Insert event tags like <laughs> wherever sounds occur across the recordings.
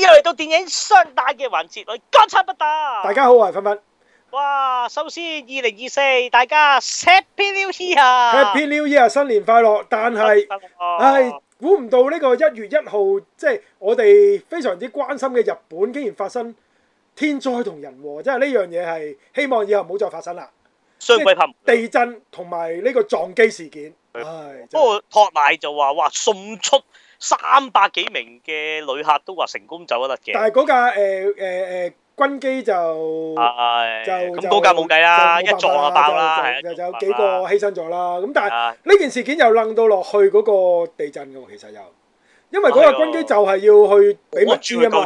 又嚟到電影雙打嘅環節，我港產不打！大家好，我係分分。哇，首先二零二四，大家 Happy New Year 啊，Happy New Year 新年快樂。但係，唉、哦、估唔、哎、到呢個一月一號，即、就、係、是、我哋非常之關心嘅日本，竟然發生天災同人禍。即係呢樣嘢係希望以後唔好再發生啦。雙鬼噴地震同埋呢個撞機事件。不過托大就話，哇，送速！三百幾名嘅旅客都話成功走得甩嘅，但係嗰架誒誒誒軍機就就咁㗎冇計啦，一撞就爆啦，就有幾個犧牲咗啦。咁但係呢件事件又楞到落去嗰個地震噶喎，其實又因為嗰架軍機就係要去俾物資啊嘛，趕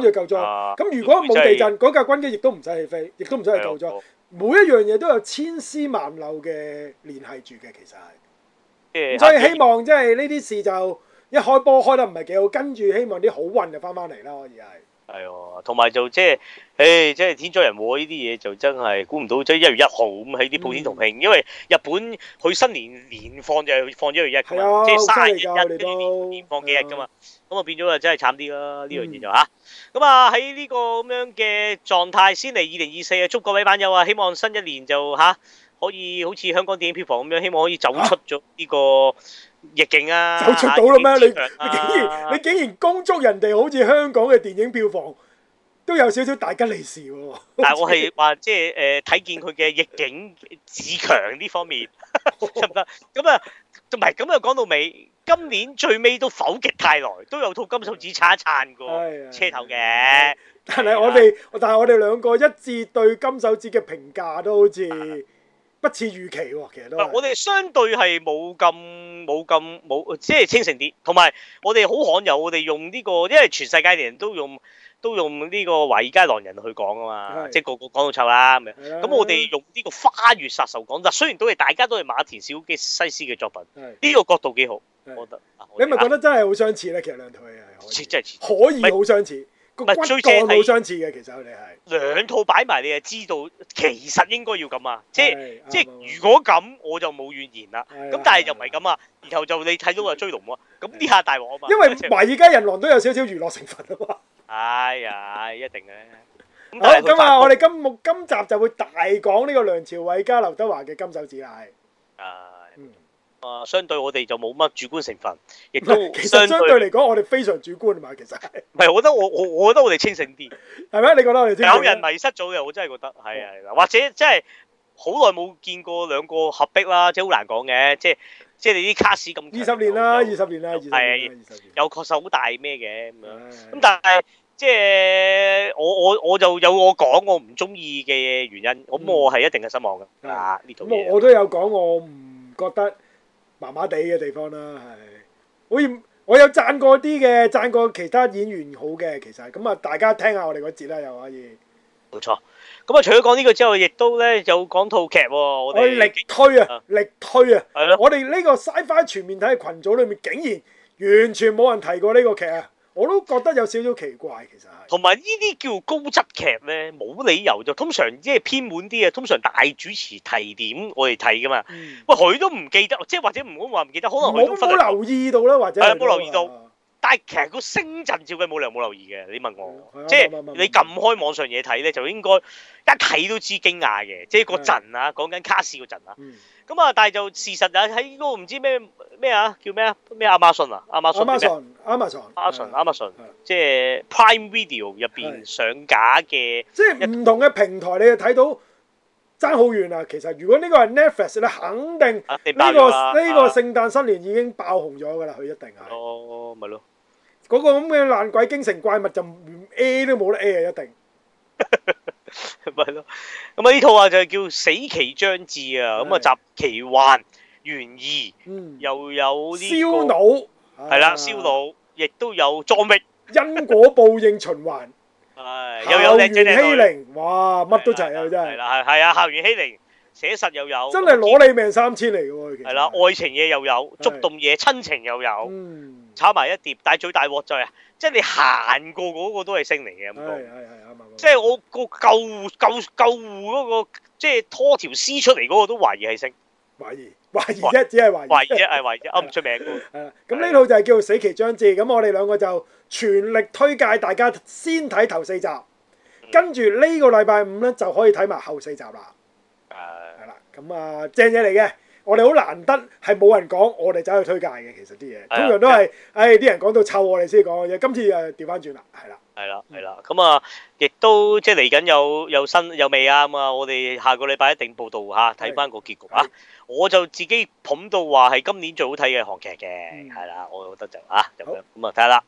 住救災嘛。咁如果冇地震，嗰架軍機亦都唔使起飛，亦都唔使去救災。每一樣嘢都有千絲萬縷嘅聯繫住嘅，其實係。咁所以希望即係呢啲事就。一開波開得唔係幾好，跟住希望啲好運就翻翻嚟啦，可以係。係喎，同埋就即、是、係，誒、哎，即、就、係、是、天災人禍呢啲嘢就真係估唔到1 1，即係一月一號咁喺啲普天同慶，嗯、因為日本佢新年年放就係放咗一日，即係三日一跟住年年放幾日㗎嘛，咁啊變咗就真係慘啲啦呢樣嘢就嚇。咁啊喺呢個咁樣嘅狀態，先嚟二零二四啊，祝各位版友啊，希望新一年就嚇。啊可以好似香港電影票房咁樣，希望可以走出咗呢、這個、啊、逆境啊！走出到啦咩、啊？ <laughs> 你竟然你竟然恭祝人哋好似香港嘅電影票房都有少少大吉利、啊、是喎。但係我係話即係誒睇見佢嘅逆境自強呢方面得咁啊，同埋咁又講到尾，今年最尾都否極泰來，都有套金手指撐一撐過車頭嘅唉。的但係我哋，是的 但係我哋兩個一致對金手指嘅評價都好似。不似預期喎，其實都我哋相對係冇咁冇咁冇，即係清醒啲。同埋我哋好罕有我哋用呢個，因為全世界啲人都用都用呢個《華爾街狼人》去講啊嘛，是的 即係個個講到臭啦。咁我哋用呢個《花月殺手》講，嗱，雖然都係大家都係馬田史高西斯嘅作品，呢的個角度幾好，的我覺得。的們你咪覺得真係好相似咧？其實兩套戲係似真係似，可以好相似。唔係追龍，係好相似嘅，其實佢哋係兩套擺埋，你就知道其實應該要咁啊！即係即係如果咁，我就冇怨言啦。咁但係又唔係咁啊！然後就你睇到個追龍喎，咁呢下大鑊啊嘛！因為《華爾街》加《人狼》都有少少娛樂成分啊嘛！哎呀，一定嘅。好，今日我哋今目今集就會大講呢個梁朝偉加劉德華嘅《金手指》啊！啊，相對我哋就冇乜主觀成分，亦都相對嚟講，我哋非常主觀啊嘛，其實係。唔係，我覺得我我我覺得我哋清醒啲，係咪啊？你覺得有人迷失咗嘅，我真係覺得係啊，或者即係好耐冇見過兩個合璧啦，即係好難講嘅，即係即係你啲卡士咁二十年啦，二十年啦，係二十年，又確實好大咩嘅咁樣。咁但係即係我我我就有我講我唔中意嘅原因，咁我係一定係失望噶。啊，呢種嘢我都有講，我唔覺得。麻麻地嘅地方啦，係，可以我有讚過啲嘅，讚過其他演員好嘅，其實咁啊，大家聽下我哋嗰節啦，又可以。冇錯，咁啊，除咗講呢個之外，亦都咧有講套劇喎、哦，我哋。我力推啊，啊力推啊，係咯的，我哋呢個科幻全面睇群組裏面竟然完全冇人提過呢個劇啊！我都覺得有少少奇怪，其實係。同埋呢啲叫高質劇咧，冇理由就通常即係偏滿啲嘅，通常大主持提點我哋睇噶嘛。嗯、喂，佢都唔記得，即係或者唔好話唔記得，可能佢都留意到咧，或者冇留意到。但係其實個星陣照嘅冇理由冇留意嘅，你問我，即係你撳開網上嘢睇咧，就應該一睇都知驚訝嘅，即係個陣啦、啊，講緊、嗯、卡士嗰陣啦。咁啊，嗯、但係就事實啊，喺嗰個唔知咩。咩啊？叫咩啊？咩亞馬遜啊？亞馬遜咩？亞馬遜、亞馬遜、亞馬遜，即係 Prime Video 入邊上架嘅。即係唔同嘅平台，你睇到爭好遠啊！其實如果呢個係 Netflix 咧，肯定呢個呢個聖誕新年已經爆紅咗㗎啦，佢一定。哦，咪咯。嗰個咁嘅爛鬼京城怪物就唔 A 都冇得 A 啊，一定。咪咯。咁啊，呢套啊就係叫死期將至啊！咁啊，集奇幻。懸疑又有啲燒腦，係啦燒腦，亦都有作孽因果報應循環，又有校園欺凌，哇乜都齊啊真係，係啦係係啊校園欺凌寫實，又有真係攞你命三千嚟嘅喎，係啦愛情嘢又有觸動嘢，親情又有炒埋一碟，但最大鑊在啊，即係你行過嗰個都係星嚟嘅，係係係啊，即係我個救救救嗰個即係拖條屍出嚟嗰個都懷疑係星懷疑。懷疑啫，只係懷疑啫，係懷疑，噏唔 <laughs> 的出名嘅。係啦 <laughs> 的，咁呢的套就係叫做《死期將至》，咁的我哋兩個就全力推介大家先睇頭四集，跟住呢個禮拜五咧就可以睇埋後四集啦。係啦，咁啊正嘢嚟嘅，我哋好難得係冇人講，我哋走去推介嘅，其實啲嘢通常都係，唉啲的、哎、人講到臭，我哋先講嘅嘢，今次誒調翻轉啦，係啦。係啦，係啦，咁啊，亦都即係嚟緊有有新有未啊？咁啊，我哋下個禮拜一定報道吓，睇翻個結局啊！我就自己捧到話係今年最好睇嘅韓劇嘅，係啦，我覺得就啊，就咁，咁啊睇下啦。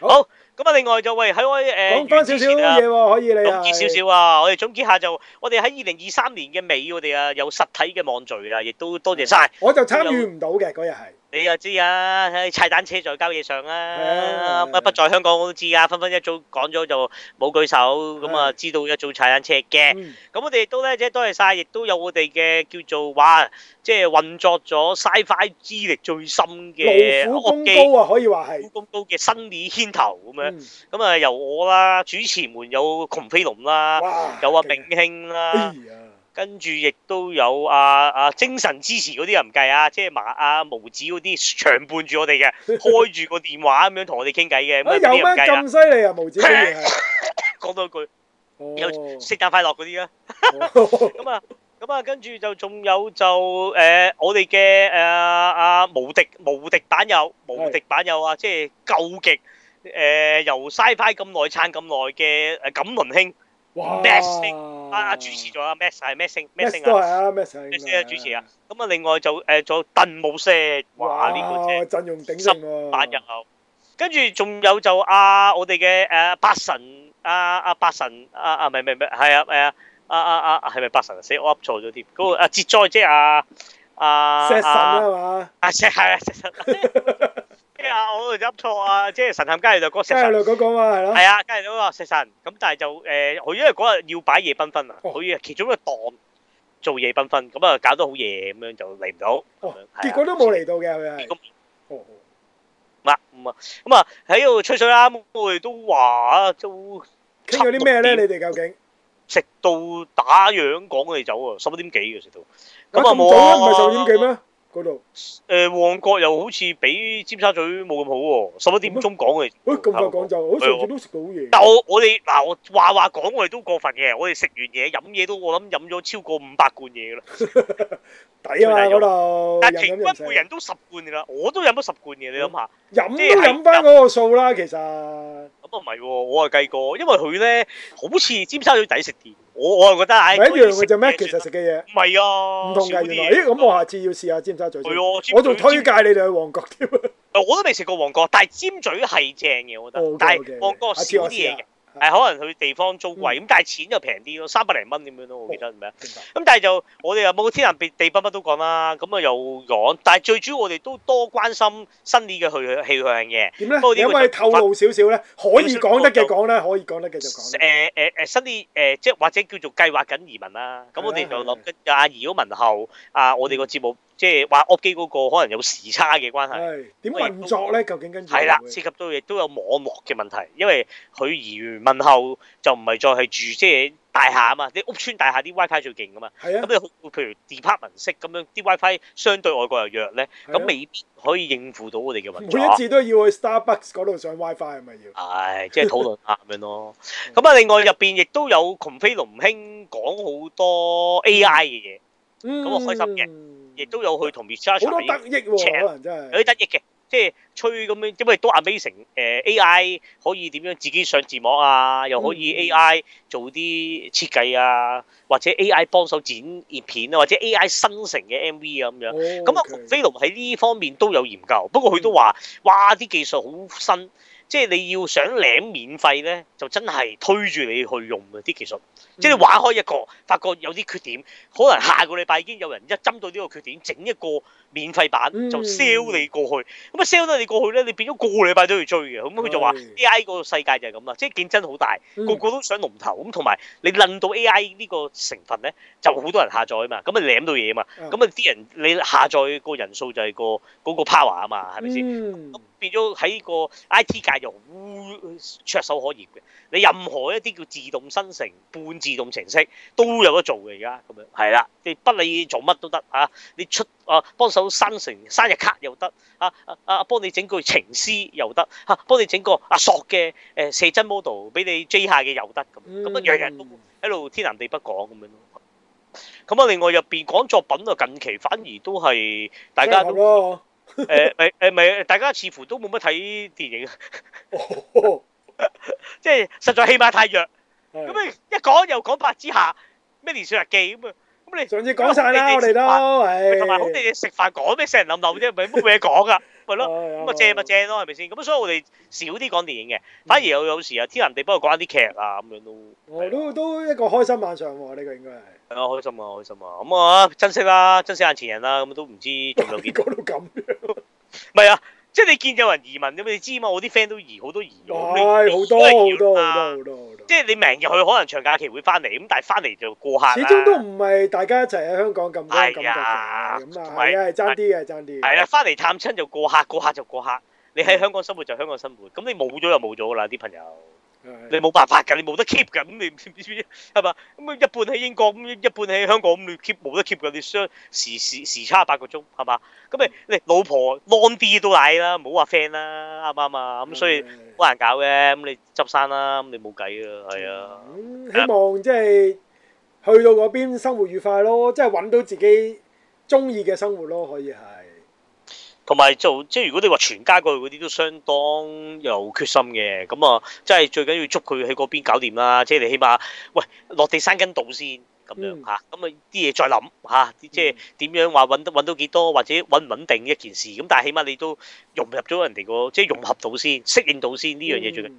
好，咁啊，另外就喂喺我誒，講返少少嘢喎？可以你總結少少啊？我哋總結下就，我哋喺二零二三年嘅尾，我哋啊有實體嘅網聚啦，亦都多謝晒。我就參與唔到嘅嗰日係。你又知啊？踩單車在交易上啊，啊不在香港我都知啊。分分一早講咗就冇舉手，咁啊就知道一早踩單車嘅。咁、嗯、我哋亦都咧，即係多謝晒，亦都有我哋嘅叫做話，即係、就是、運作咗 SciFi 資歷最深嘅股東高啊，可以話係股高嘅生尾牽頭咁、嗯、樣。咁啊，由我啦，主持們有熊飛龍啦，哇有阿明興啦。跟住亦都有阿阿精神支持嗰啲又唔計啊，即係麻阿無子嗰啲長伴住我哋嘅，開住個電話咁樣同我哋傾偈嘅，有咩咁犀利啊無子？講多句，有聖誕快樂嗰啲啦。咁啊咁啊，跟住就仲有就誒我哋嘅誒阿無敵無敵版友無敵版友啊，即係究極誒由 SciFi 派咁耐撐咁耐嘅誒錦麟兄。哇！Max，阿阿主持咗有阿 Max 係咩星咩星啊？咩係啊 m 啊主持啊。咁啊，另外就誒做盾冇聲。哇！呢個真係陣容鼎盛喎，十八日後。跟住仲有就啊，我哋嘅誒八神，啊，阿八神，啊，阿唔唔唔係啊，係啊，啊，啊，阿係咪八神死，寫我噏錯咗添。嗰個阿哲哉即係阿阿石神啊，阿石係啊！我又講錯啊！即係神探伽利略嗰個食神嗰個嘛，係咯。係啊，伽利略啊，食神咁，但係就誒，因為嗰日要擺夜繽紛啊，佢要其中一檔做夜繽紛，咁啊，搞得好夜咁樣就嚟唔到。哦，結果都冇嚟到嘅，佢係。哦哦。唔啊唔啊唔啊！喺度吹水啦，我哋都話啊，都傾咗啲咩咧？你哋究竟？食到打烊，講我哋走啊！十點幾嘅時候。咁啊冇啊，唔係十點幾咩？嗰度，誒、呃、旺角又好似比尖沙咀冇咁好喎、啊。十一點鐘講嘅，咁快講就，我好似都食到嘢。但我我哋嗱，我話話講我哋都過份嘅，我哋食完嘢飲嘢都，我諗飲咗超過五百罐嘢㗎啦。抵啊，但係平均每人都十罐㗎啦，我都飲咗十罐嘢，嗯、你諗下，飲都飲翻嗰個數啦，其實。不過，唔係喎，我係計過，因為佢咧好似尖沙咀抵食啲，我我係覺得唉，一樣嘅就咩，其實食嘅嘢唔係啊，唔同嘅嘢，咁我下次要試下尖沙咀先，啊、咀我仲推介你哋去旺角添，咀 <laughs> 我都未食過旺角，但係尖咀係正嘅，我覺得，okay，但係旺角少啲嘢嘅。誒可能佢地方租貴，咁但係錢就平啲咯，三百零蚊點樣咯，哦，我記得係咪咁，但係就我哋又冇天南別地北乜都講啦，咁啊又講，但係最主要我哋都多關心新啲嘅氣象嘅。點咧？可以透露少少咧，可以講得嘅講咧，可以講得嘅就講，呃。誒誒誒，新啲誒，呃，即係或者叫做計劃緊移民啦。咁、啊、的我哋就諗緊阿怡嗰問候啊，我哋個節目。即係話屋機嗰個可能有時差嘅關係，點運作咧？究竟跟住係啦，涉及到亦都有網絡嘅問題，因為佢移入問候就唔係再係住即係大廈啊嘛，啲屋村大廈啲 WiFi 最勁噶嘛。咁、啊、你譬如 department 式咁樣，啲 WiFi 相對外國又弱咧，咁、啊、未必可以應付到我哋嘅運作。每一次都要去 Starbucks 嗰度上 WiFi 係咪要？係、哎，即係討論下咁樣咯。咁啊， <laughs> 另外入邊亦都有窮飛龍兄講好多 AI 嘅嘢，咁啊、嗯、開心嘅。亦都有去同 research，有啲得益嘅，即係吹咁樣，因為都 amazing、呃、AI 可以點樣自己上字幕啊，又可以 AI 做啲設計啊，或者 AI 幫手剪片啊，或者 AI 生成嘅 MV 啊咁樣。咁啊、哦，飛龍喺呢方面都有研究，不過佢都話：嗯、哇，啲技術好新。即係你要想領免費咧，就真係推住你去用嘅啲技術。即係你玩開一個，發覺有啲缺點，可能下個禮拜已經有人一針對呢個缺點整一個。免費版就 sell 你過去，咁啊 sell 得你過去咧，你變咗個禮拜都要追嘅。咁佢就話 A I 個世界就係咁啦，即係競爭好大，嗯、個個都想龍頭。咁同埋你論到 A I 呢個成分咧，就好多人下載啊嘛，咁啊舐到嘢啊嘛，咁啊啲人你下載個人數就係、那個嗰、那個、power 啊嘛，係咪先？咁、嗯、變咗喺個 I T 界就炙手可熱嘅。你任何一啲叫自動生成、半自動程式都有得做嘅而家咁樣，係啦，你不理做乜都得嚇、啊，你出。啊，幫手生成生日卡又得，啊啊啊，幫你整句情詩又得，嚇、啊、幫你整個阿、啊、索嘅誒寫真 model 俾你追下嘅又得咁，咁樣樣都樣都一路天南地北講咁樣咯。咁啊，另外入邊講作品啊，近期反而都係大家誒咪誒咪，大家似乎都冇乜睇電影，即 <laughs> 係實在戲碼太弱。咁你的一講又講《白日之下》連《咩年少日記》咁啊。咁你上次講晒啦，我哋都，同埋好啲嘢食飯講咩？成日淋流啫，咪冇嘢講噶，係咯、哎呀，咁啊正咪正咯，係咪先？咁所以我哋少啲講電影嘅，反而有有時啊，天南地北去講一啲劇啊，咁樣都，我、嗯、都都一個開心晚上喎、啊，呢個應該係，係啊、哎，開心啊，開心啊，咁、嗯、啊，珍惜啦、啊，珍惜眼前人啦，咁都唔知仲有結果都咁樣，唔係啊。即係你見有人移民咁，你知嘛？我啲 friend 都移好多移咗，好多好多好多，即係你明日去，可能長假期會翻嚟，咁但係翻嚟就過客。始終都唔係大家一齊喺香港咁多咁嘅，咁啊係啊，爭啲嘅爭啲。係啦，翻嚟探親就過客，過客就過客。你喺香港生活就香港生活，咁你冇咗就冇咗啦，啲朋友。你冇辦法㗎，你冇得 keep 㗎，咁你唔知唔知係嘛？咁一半喺英國，咁一半喺香港，咁你 keep 冇得 keep 㗎，你想時時時差八個鐘係嘛？咁你你老婆 long 啲都抵啦，唔好話 friend 啦，啱唔啱啊？咁所以好難搞嘅，咁你執生啦，咁你冇計啊，係啊。希望即係去到嗰邊生活愉快咯，即係揾到自己中意嘅生活咯，可以係。同埋就即係、就是、如果你話全家嗰度嗰啲都相當有決心嘅，咁啊，即係最緊要捉佢去嗰邊搞掂啦。即、就、係、是、你起碼，喂，落地生根、啊啊就是、到先咁樣嚇。咁啊啲嘢再諗嚇，即係點樣話揾得揾到幾多，或者穩唔穩定一件事。咁但係起碼你都融入咗人哋個，即、就、係、是、融合到先，適應到先呢樣嘢最緊。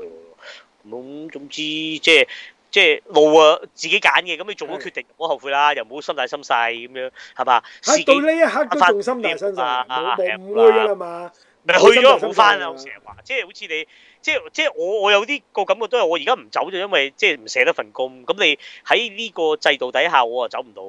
咁、啊、總之即係。就是即係路啊，自己揀嘅，咁你做咗決定，唔好後悔啦，又唔好心大心細咁樣，係嘛？喺到呢一刻都仲心大心細，冇冇去啦嘛？咪去咗好冇翻啊！成日話，即係好似你，即係即係我，我有啲個感覺都係，我而家唔走就因為即係唔捨得份工。咁你喺呢個制度底下，我啊走唔到。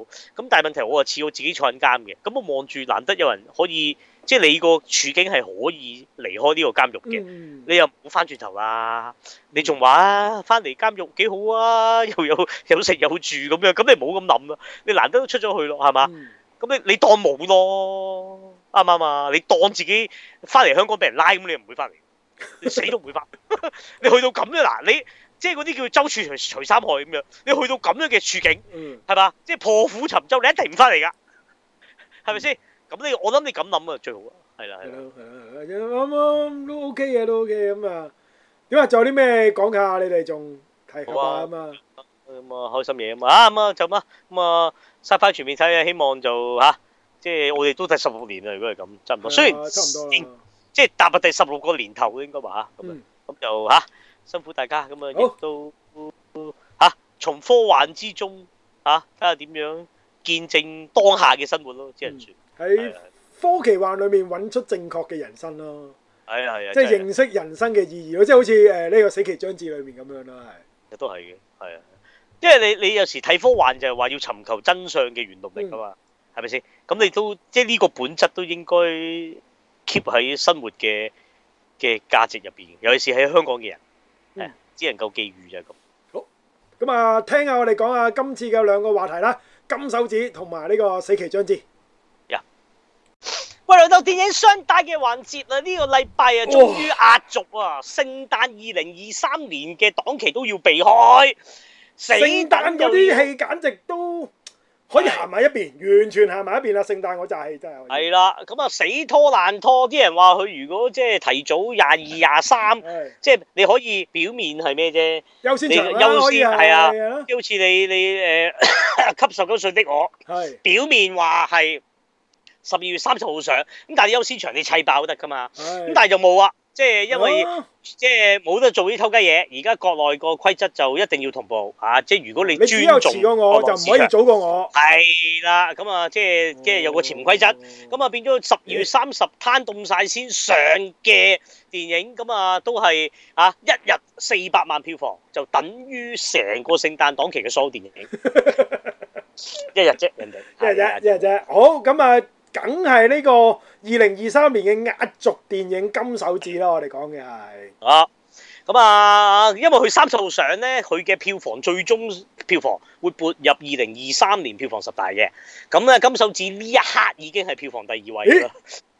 咁但係問題我就似我自己坐緊監嘅，咁我望住難得有人可以。即係你個處境係可以離開呢個監獄嘅，嗯、你又唔好翻轉頭啦！嗯、你仲話翻嚟監獄幾好啊？又有有食有，有住咁樣，咁你冇咁諗啦！你難得都出咗去、嗯、咯，係嘛？咁你你當冇咯，啱唔啱啊？你當自己翻嚟香港俾人拉咁，你唔會翻嚟，你死都唔會翻。 <laughs> 你去到咁樣嗱，你即係嗰啲叫周處除除三害咁樣，你去到咁樣嘅處境，係嘛？嗯、即係破釜沉舟，你一定唔翻嚟㗎，係咪先？嗯咁你我諗、嗯 OK 啊 OK 啊，嗯、你咁諗啊最好啊，係啦係啦，啱啱都 OK 嘅都 OK 咁啊。點啊？仲有啲咩講下？你哋仲睇下啊咁啊開心嘢啊嘛。啊咁啊就咁啊。咁啊，晒、啊、返全面睇。啊！希望就吓、啊，即係我哋都睇十六年啦。如果係咁，差唔多。吧雖然差唔多，即係踏入第十六個年頭應該話吓。咁、嗯、就吓、啊，辛苦大家咁啊，亦都吓從科幻之中吓睇下點樣見證當下嘅生活咯，只能算。喺科幻裏面揾出正確嘅人生咯，係啊，即係認識人生嘅意義咯，即係好似誒呢個《死期將至》裏面咁樣咯，係亦都係嘅，係啊，因為你你有時睇科幻就係話要尋求真相嘅原動力啊嘛，係咪先？咁你都即係呢個本質都應該 keep 喺生活嘅嘅價值入邊，尤其是喺香港嘅人，係只能夠寄語就係咁，好咁啊！聽下我哋講下今次嘅兩個話題啦，《金手指》同埋呢個《死期將至》。喂，嚟到電影雙帶嘅環節啦！呢個禮拜啊，終於壓軸啊！聖誕二零二三年嘅檔期都要避開。聖誕嗰啲戲簡直都可以行埋一邊，完全行埋一邊啦！聖誕我就係真係係啦，咁啊死拖爛拖，啲人話佢如果即係提早廿二廿三，即係你可以表面係咩啫？優先場先，係啊。好似你你誒，吸十九歲的我，係表面話係。十二月三十號上，咁但係啲優先場你砌爆都得噶嘛？咁但係就冇啊，即係因為即係冇得做呢偷雞嘢。而家國內個規則就一定要同步吓，即係如果你你只有遲咗我，就唔可以早過我。係啦，咁啊，即係即係有個潛規則。咁啊，變咗十二月三十攤凍晒先上嘅電影，咁啊都係吓一日四百萬票房就等於成個聖誕檔期嘅所有電影一日啫，人哋一日啫，一日啫。好，咁啊。梗係呢個二零二三年嘅壓軸電影《金手指》啦，我哋講嘅係。哦、啊，咁、嗯、啊，因為佢三十號上咧，佢嘅票房最終票房會撥入二零二三年票房十大嘅。咁咧，《金手指》呢一刻已經係票房第二位啦。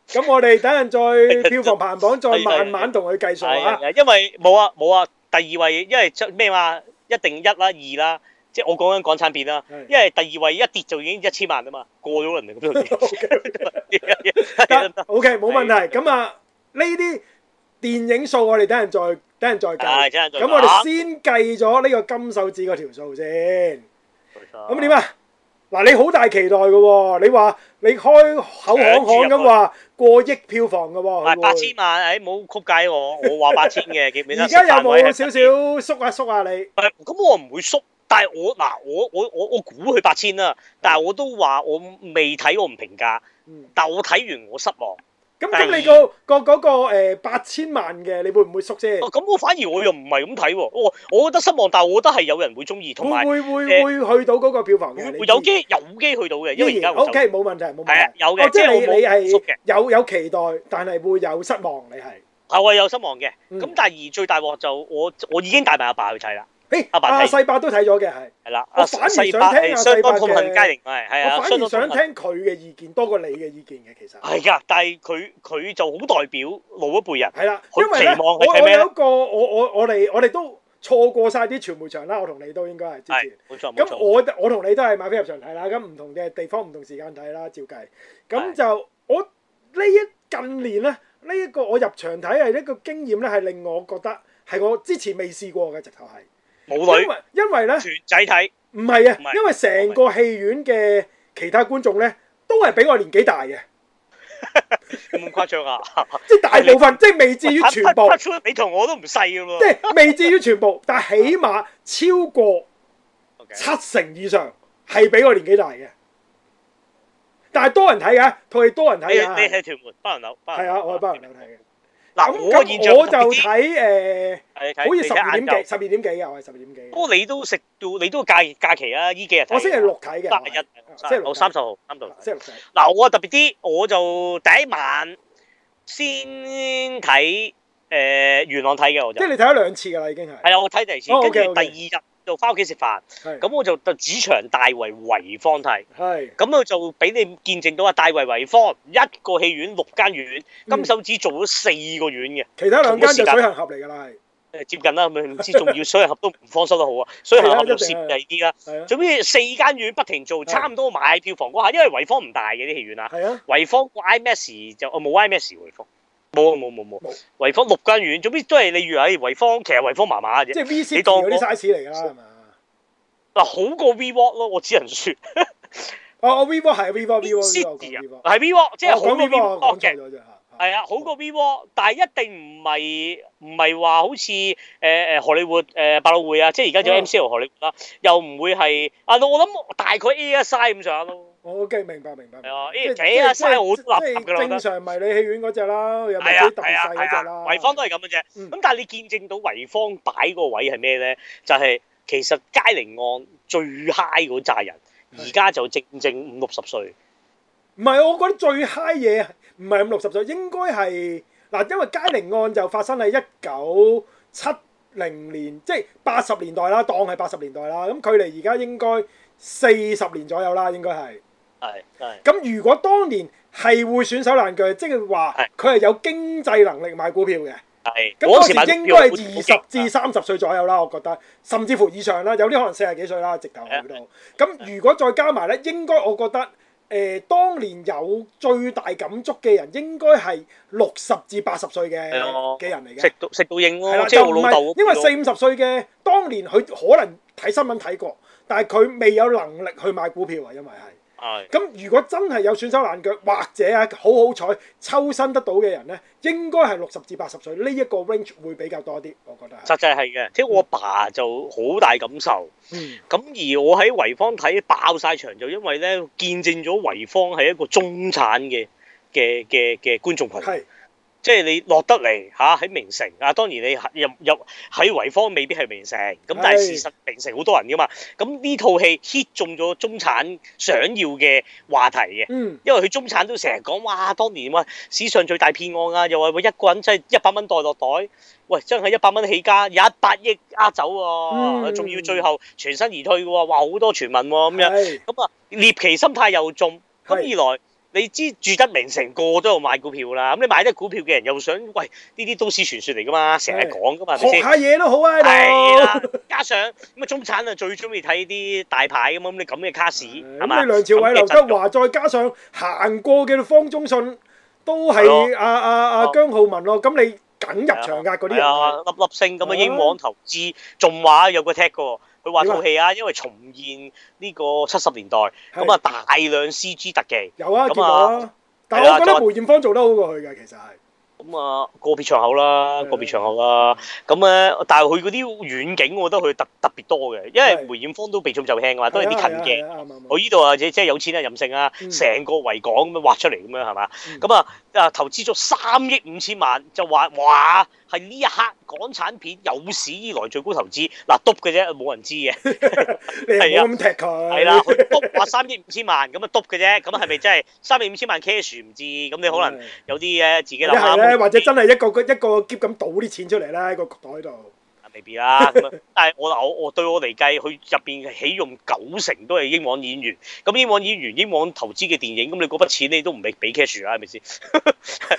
咁我哋等陣再票房排行榜 <laughs> 再慢慢同佢 <laughs> 計數嚇。因為冇啊冇啊，第二位，因為出咩話，一定一啦二啦。即係我講緊港產片啦，因為第二位一跌就已經一千萬啊嘛，過咗人哋咁多 OK 冇問題。咁啊， <laughs> <laughs> 呢、okay, 啲是那電影數我哋等陣再，等陣再計。咁、啊、我哋先計咗呢個金手指嗰條數先。咁點啊？嗱，你好大期待嘅喎、哦，你話你開口響響咁話、嗯、過億票房嘅喎、哦。八千、嗯、吧萬，誒、欸、冇曲解我，我話八千嘅，結而家有冇少少縮啊縮啊？你、嗯？咁我唔會縮。但係我嗱，我我我我估佢八千啦，但係我都話我未睇我唔評價，但係我睇完我失望。咁即係你個個誒八千萬嘅，你會唔會縮先？咁我反而我又唔係咁睇喎，我我覺得失望，但係我覺得係有人會中意，同埋會會會去到嗰個票房嘅，有機有機去到嘅，因為而家好 OK，冇問題冇問題，有嘅即係你係縮嘅，有有期待，但係會有失望你係，係啊有失望嘅，咁但係而最大鑊就我我已經帶埋阿爸去睇啦。嘿，欸、阿阿、啊、世伯都睇咗嘅係係啦。我反而想聽阿世伯嘅，多討論係係啊。我反而想聽佢嘅意見的多過你嘅意見嘅，其實係噶。 <laughs> 但係佢佢就好代表老一輩人係啦，因為咧我我有一個我我我哋我哋都錯過晒啲傳媒場啦。我同你都應該係係冇錯冇錯。咁我我同你都係買飛入場睇啦。咁唔同嘅地方唔同時間睇啦，照計咁就的我呢一近年咧呢一個我入場睇係一個經驗咧，係令我覺得係我之前未試過嘅，直頭係。冇女，因為因為咧，全仔睇，唔係啊，是因為成個戲院嘅其他觀眾咧，都係比我年紀大嘅，咁冇誇張啊？ <laughs> 即係大部分， <laughs> 即係未至於全部，你同我都唔細咁喎。即係未至於全部， <laughs> 但係起碼超過七成以上係比我年紀大嘅，但係多人睇啊，套戲多人睇啊。你係屯門包人樓，係啊，我係包人樓睇嘅。嗱，我現就睇誒，好似十二點幾，十二點幾又我係十二點幾。不過你都食到，你都假假期啦，呢幾日睇。我星期六睇嘅，三日，三十號，三到，號。嗱，我特別啲，我就第一晚先睇誒元朗睇嘅，我就即係你睇咗兩次㗎喇，已經係。係啊，我睇第二次，跟住第二日。就返屋企食飯，咁是我就就主場大圍維方睇，咁是我就俾你見證到啊！大圍維方一個戲院六間院，金手指做咗四個院嘅，其他兩間就水合合嚟噶啦，誒 <laughs> 接近啦，唔知仲要所合合都唔方收得好啊，所以合合就設計啲啦，啊啊、總之，四間院不停做，差唔多買票房嗰下，因為維方唔大嘅啲戲院啊，維方 IMAX y MS，就我冇 IMAX 維方。冇冇冇冇，維坊六間院，總之都係你以為，唉，維坊其實維坊麻麻嘅即係 V City 嗰啲嘥嚟㗎啦，係嘛？嗱，好過 V Walk 咯，我只能説。哦，V Walk 係 V Walk，V Walk City 啊，係 V Walk，即係好過 V Walk 嘅。係啊，好過 V Walk，但係一定唔係唔係話好似誒誒荷里活誒百老匯啊，即係而家就 MCL 荷里活啦，又唔會係啊，我諗大概 A1 size 咁上下咯。O K，明白明白。係啊，依真係好立體正常迷你戲院嗰隻啦，又冇好大細嗰隻啦？維方都係咁嘅啫。嗯。咁但係你見證到維方擺嗰個位係咩咧？就係、是、其實佳寧案最嗨 i 嗰扎人，而家、啊、就正正五六十歲。唔係，我覺得最嗨嘢唔係五六十歲，應該係嗱，因為佳寧案就發生喺一九七零年，即係八十年代啦，當係八十年代啦。咁距離而家應該四十年左右啦，應該係。係咁，如果當年係會選手爛句，即係話佢係有經濟能力買股票嘅。係咁的，當時應該係二十至三十歲左右啦。我覺得甚至乎以上啦，有啲可能四十幾歲啦，直頭去到咁。的如果再加埋咧，應該我覺得誒、呃，當年有最大感觸嘅人應該係六十至八十歲嘅嘅人嚟嘅，食到食到硬咯，即係我老豆的因為四五十歲嘅當年佢可能睇新聞睇過，但係佢未有能力去買股票啊，因為係。係，咁、嗯、如果真係有選手爛腳，或者啊好好彩抽身得到嘅人咧，應該係六十至八十歲呢一個 range 會比較多啲。我覺得實際係嘅，即係我阿爸就好大感受。嗯，咁而我喺維坊睇爆晒場，就因為咧見證咗維坊係一個中產嘅嘅嘅嘅觀眾群。係。即係你落得嚟嚇喺名城啊，當然你入入喺維坊未必係名城，咁但係事實名城好多人㗎嘛。咁呢套戲 hit 中咗中產想要嘅話題嘅，因為佢中產都成日講哇，當年哇史上最大騙案啊，又話喂一個人即係一百蚊袋落袋，喂真係一百蚊起家有一百億呃走喎、啊，仲、嗯、要最後全身而退嘅喎，哇好多傳聞喎、啊、咁樣，咁啊獵奇心態又重，咁二來。你知住得名，成個都有買股票啦。咁你買得股票嘅人又想，喂呢啲都市傳說嚟噶嘛，成日講噶嘛，學下嘢都好啊。係啦，加上咁啊，中產啊最中意睇啲大牌咁啊。咁你咁嘅卡士，咁你梁朝偉、劉德華，再加上行過嘅方中信，都係阿阿阿姜浩文咯。咁你梗入場㗎嗰啲，粒粒星咁啊，英皇投資仲話有個 take 㗎喎。佢話套戲啊，因為重現呢個七十年代，咁啊大量 C G 特技有啊，見到啊，但我覺得梅艷芳做得好過佢嘅，其實係咁啊個別場口啦，個別場口啦，咁啊，但係佢嗰啲遠景，我覺得佢特特別多嘅，因為梅艷芳都避重就輕嘛，都係啲近鏡。我呢度啊，即係有錢啊，任性啊，成個維港咁樣畫出嚟咁樣係嘛？咁啊啊投資咗三億五千萬就畫哇！係呢一刻港產片有史以來最高投資，嗱督嘅啫，冇人知嘅，係啊咁踢佢，係啦 <laughs> ，佢督話三億五千萬咁啊督嘅啫，咁係咪真係三億五千萬 cash 唔知？咁你可能有啲嘢自己諗下， <laughs> 或者真係一個一個劫咁倒啲錢出嚟啦，咧、喺，個袋度。未必啦，但係我我我對我嚟計，佢入邊起用九成都係英皇演員，咁、嗯、英皇演員、英皇投資嘅電影，咁你嗰筆錢你都唔係俾 cash 啦，係咪先？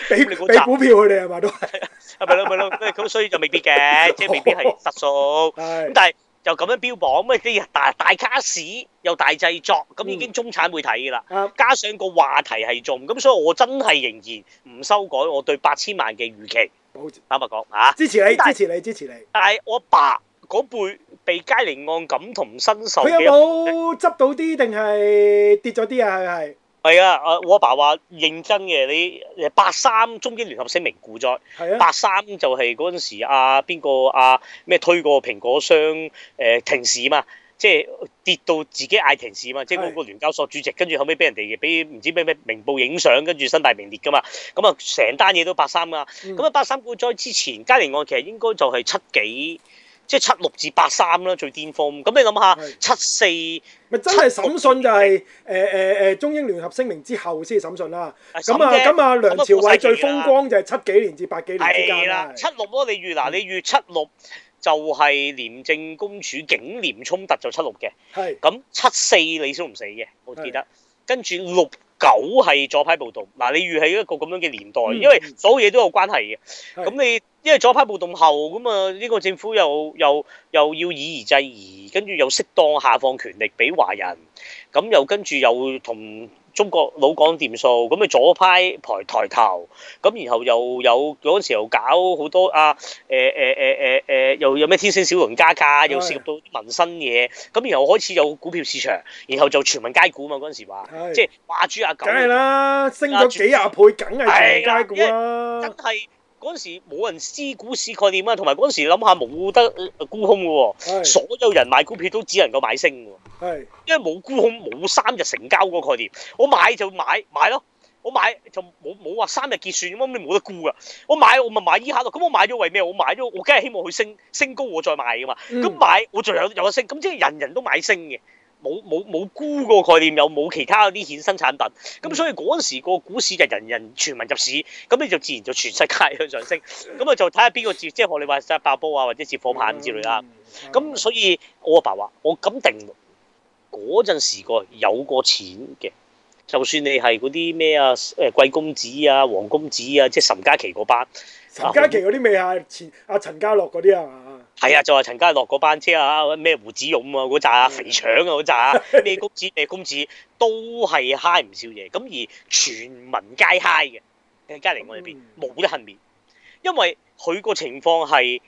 俾 <laughs> 俾股票佢哋係嘛都係，咪咯咪咯，咁所以就未必嘅，即係未必係實數。咁好但係就咁樣標榜，咩？啲大大卡士又大製作，咁已經中產會睇噶啦。嗯、加上個話題係重，咁所以我真係仍然唔修改我對八千萬嘅預期。坦白講吓，支持你，支持你，支持你。但係我阿爸嗰輩被佳寧案感同身受。佢有冇執到啲定係跌咗啲啊？係係。係啊，我阿爸話認真嘅，你八三中英聯合聲明股災，八三就係嗰陣時阿邊個阿咩推過蘋果商誒停市嘛。即係跌到自己嗌停市嘛，即係嗰個聯交所主席，跟住後尾俾人哋俾唔知咩咩明報影相，跟住身敗名裂噶嘛。咁啊，成單嘢都八三噶嘛。咁啊，八三股災之前，佳寧案其實應該就係七幾，即係七六至八三啦，最巔峰。咁你諗下，的七四咪真係審訊就係誒誒誒中英聯合聲明之後先審訊啦。咁啊咁啊，嗯、啊梁朝偉最風光就係七幾年至八幾年啦。七六咯，你預嗱你預七六。嗯七六就係廉政公署警廉衝突就七六嘅，係咁是七四你先唔死嘅，我記得。是跟住六九係左派暴動，嗱你遇喺一個咁樣嘅年代，嗯、因為所有嘢都有關係嘅。咁是你因為左派暴動後，咁啊呢個政府又又又，又要以夷制夷，跟住又適當下放權力俾華人，咁又跟住又同。中國老港掂數，咁咪左派抬抬頭，咁然後又有嗰陣時候又搞好多啊，誒誒誒誒誒，又有咩天星小輪加價，又涉及到民生嘢，咁然後開始有股票市場，然後就全民皆股嘛，嗰陣時話，的即係阿豬阿狗，梗係啦，升咗幾廿倍，梗係全民皆股啦，啊。哎嗰時冇人知股市概念啊，同埋嗰時諗下冇得沽空嘅喎，是的 所有人買股票都只能夠買升喎，係是的 因為冇沽空冇三日成交嗰個概念，我買就買買咯，我買就冇冇話三日結算咁你冇得沽噶，我買我咪買依下咯，咁我買咗為咩？我買咗，我梗係希望佢升升高我再買噶嘛，咁買我就有有得升，咁即係人人都買升嘅。冇冇冇沽個概念，又冇其他啲衍生產品，咁所以嗰陣時個股市就人人全民入市，咁你就自然就全世界向上升，咁啊 <laughs> 就睇下邊個接，即係學你話齋爆煲啊，或者接火棒咁之類啦。咁、嗯嗯、所以我阿爸話：我敢定嗰陣時個有個錢嘅，就算你係嗰啲咩啊誒貴公子啊、黃公子啊，即係岑嘉琪嗰班，岑嘉琪嗰啲未啊，阿陳家樂嗰啲啊係啊，就話、是、陳家洛嗰班車啊，咩胡子勇啊，嗰啊，肥腸啊，嗰啊，咩谷子咩公子，公子都係嗨唔少嘢，咁而全民皆嗨 i g h 嘅，喺《佳玲案》裏邊冇得幸免，因為佢個情況係，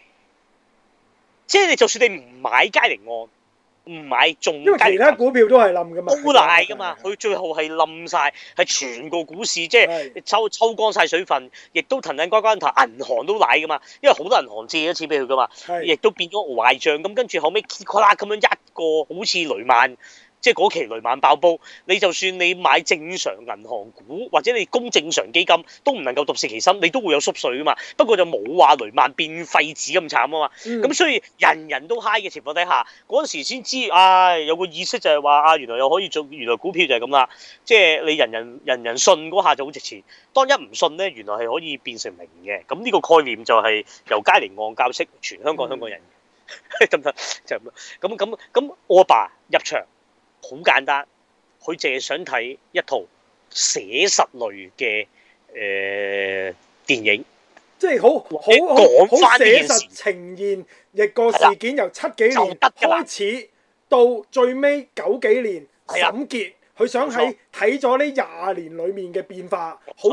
就是、即係你就算你唔買《佳玲案》。唔買，仲因為其他股票都係冧噶嘛，都賴噶嘛，佢的最後係冧晒，係全個股市即係抽抽乾晒水分，亦都騰騰乖乖頭，銀行都賴噶嘛，因為好多銀行借咗錢俾佢噶嘛，亦的都變咗壞帳，咁跟住後尾，咔啦咁樣一個好似雷曼。即係嗰期雷曼爆煲，你就算你買正常銀行股，或者你供正常基金，都唔能夠獨善其身，你都會有縮水啊嘛。不過就冇話雷曼變廢紙咁慘啊嘛。咁、嗯、所以人人都嗨嘅情況底下，嗰陣時先知，唉、哎，有個意識就係話啊，原來又可以做，原來股票就係咁啦。即、就、係、是、你人人人人信嗰下就好值錢，當一唔信咧，原來係可以變成零嘅。咁呢個概念就係由佳寧案教識全香港香港人。得唔得？ <laughs> 就咁。咁咁咁，我阿爸入場。嗯嗯嗯好簡單，佢淨係想睇一套寫實類嘅誒、呃、電影，即係好好講好，好寫實呈現。一個事件由七幾年開始到最尾九幾年審結，佢想喺睇咗呢廿年裏面嘅變化，好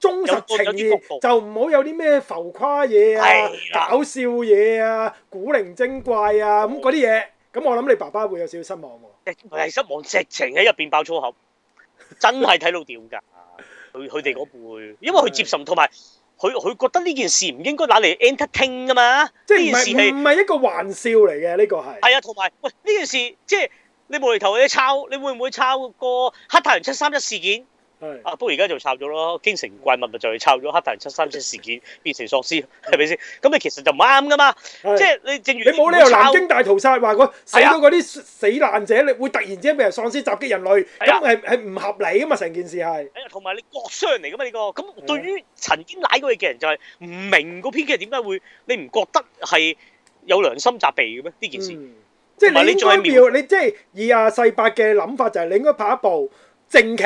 忠實呈現，個個就唔好有啲咩浮誇嘢啊、的搞笑嘢啊、古靈精怪啊咁嗰啲嘢。咁我諗你爸爸會有少少失望喎，唔係失望，直情喺入邊爆粗口，真係睇到屌㗎。佢佢哋嗰輩，因為佢接受同埋，佢佢覺得呢件事唔應該攞嚟 entertain 㗎嘛。呢件事係唔係一個玩笑嚟嘅？呢、呢個係係啊，同埋喂，呢件事即係你無厘頭，你抄你會唔會抄過黑太陽七三一事件？啊！不過而家就抄咗咯，京城怪物咪就係抄咗黑大人七三七事件 <laughs> 變成喪屍，係咪先？咁你其實就唔啱噶嘛，即係 <laughs> 你正如你冇理由南京大屠殺話個，死咗嗰啲死難者，你的會突然之間俾人喪屍襲擊人類，係咁係係唔合理噶嘛？成件事係，同埋你國殤嚟噶嘛？呢個咁對於曾經賴過嘅人就係唔明個編劇點解會你唔覺得係有良心責備嘅咩？呢件事，即係、嗯嗯、你應該要你即係以阿細伯嘅諗法就係你應該拍一部正劇。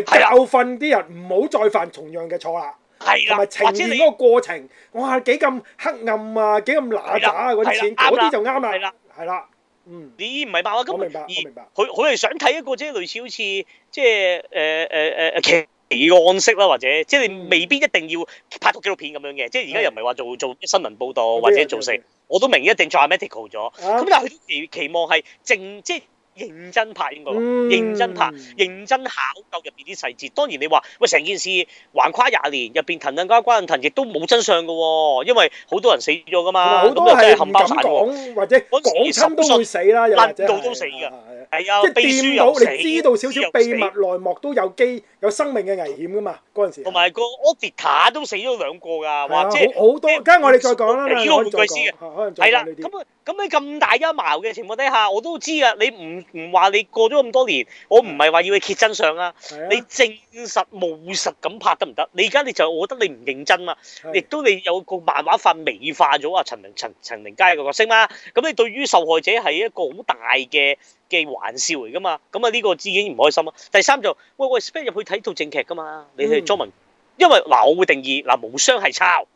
係教訓啲人唔好再犯同樣嘅錯啦。係啦，同埋呈現個過程，我話幾咁黑暗啊，幾咁乸渣啊嗰啲，就啱啦。係啦，係啦，嗯，你唔係話我明白明白佢佢係想睇一個啫，類似好似即係誒誒誒奇案式啦，或者即係你未必一定要拍個紀錄片咁樣嘅。即係而家又唔係話做做新聞報導或者做成，我都明一定再 dramatical 咗。咁但係佢期望係正即認真拍應該講，認真拍，認真考究入邊啲細節。當然你話，喂成件事橫跨廿年，入邊騰騰關關騰亦都冇真相嘅喎，因為好多人死咗噶嘛，好多人真係冚包產喎。或者講真都會死啦，有啫。都死嘅，係啊。秘書又死，你知道少少秘密內幕都有機有生命嘅危險噶嘛？嗰陣時。同埋個 auditor 都死咗兩個㗎，或者好多。跟住我哋再講啦，你哋可以再講。係啦，咁咁喺咁大一謀嘅情況底下，我都知啊，你唔。唔話你過咗咁多年，我唔係話要你揭真相啊。你證實無實咁拍得唔得？你而家你就我覺得你唔認真嘛。亦都你有個漫畫化美化咗啊，陳明陳陳明佳嘅角色嘛。咁你對於受害者係一個好大嘅嘅玩笑嚟噶嘛。咁啊呢個已經唔開心啦。第三就喂喂，我哋先入去睇套正劇噶嘛。你係莊文，因為嗱我會定義嗱無雙係抄。